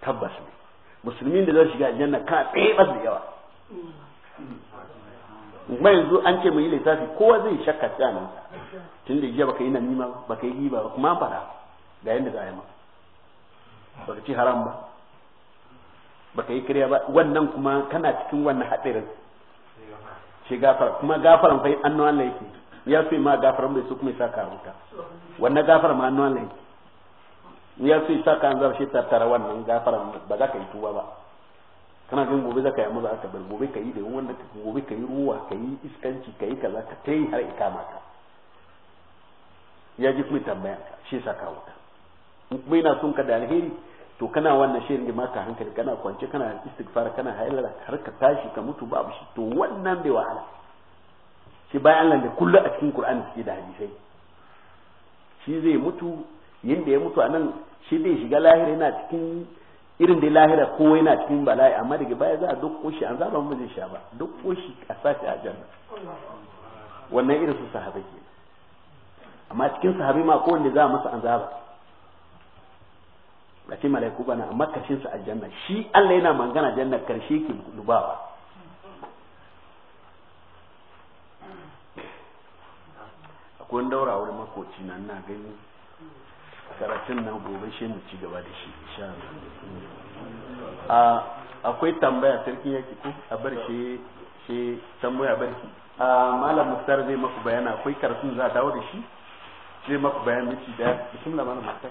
tabbas ne musulmi da zai shiga aljanna ka tsebas da yawa kuma yanzu an ce mu yi lissafi kowa zai shakka tsanin tun da jiya baka yi namima ba baka yi giba ba kuma fara ga yanda za a yi ma baka ci haram ba baka yi kariya ba wannan kuma kana cikin wannan haɗarin ce gafara kuma gafaran fa annu Allah yake ya so ma gafara mai su kuma saka wuta wanne gafara ma annuwa ne ya so saka an zarshe tattara wannan gafara ba za ka yi tuwa ba kana jin gobe za ka yi za ka bar gobe ka yi da wanda ka gobe ka yi ruwa ka yi iskanci ka yi kaza ka ta yi har ikama ka ya ji kuma tambaya shi saka wuta in kuma yana son ka da alheri to kana wannan shirin da maka hankali kana kwance kana istighfar kana hailala har ka tashi ka mutu babu shi to wannan bai wahala shi bayan Allah da kullu a cikin Qur'ani suke da hadisai shi zai mutu yanda ya mutu anan shi zai shiga lahira yana cikin irin da lahira ko yana cikin bala'i amma daga baya za a duk shi an zaba mu zai sha ba duk shi a sashi a janna wannan irin su sahabai ke amma cikin sahabai ma kowanne za a masa an zaba a ce mala'iku bana amma karshen su a janna shi Allah yana mangana janna karshe ke dubawa akwai daura wurin makoci na ina gani karatun nan gobe shi mu ci gaba da shi insha Allah akwai tambaya sarki yake ko a bar shi shi tambaya bar shi a malam mustar zai maku bayana akwai karatun za a dawo da shi zai maku bayan miki da bismillah malam mustar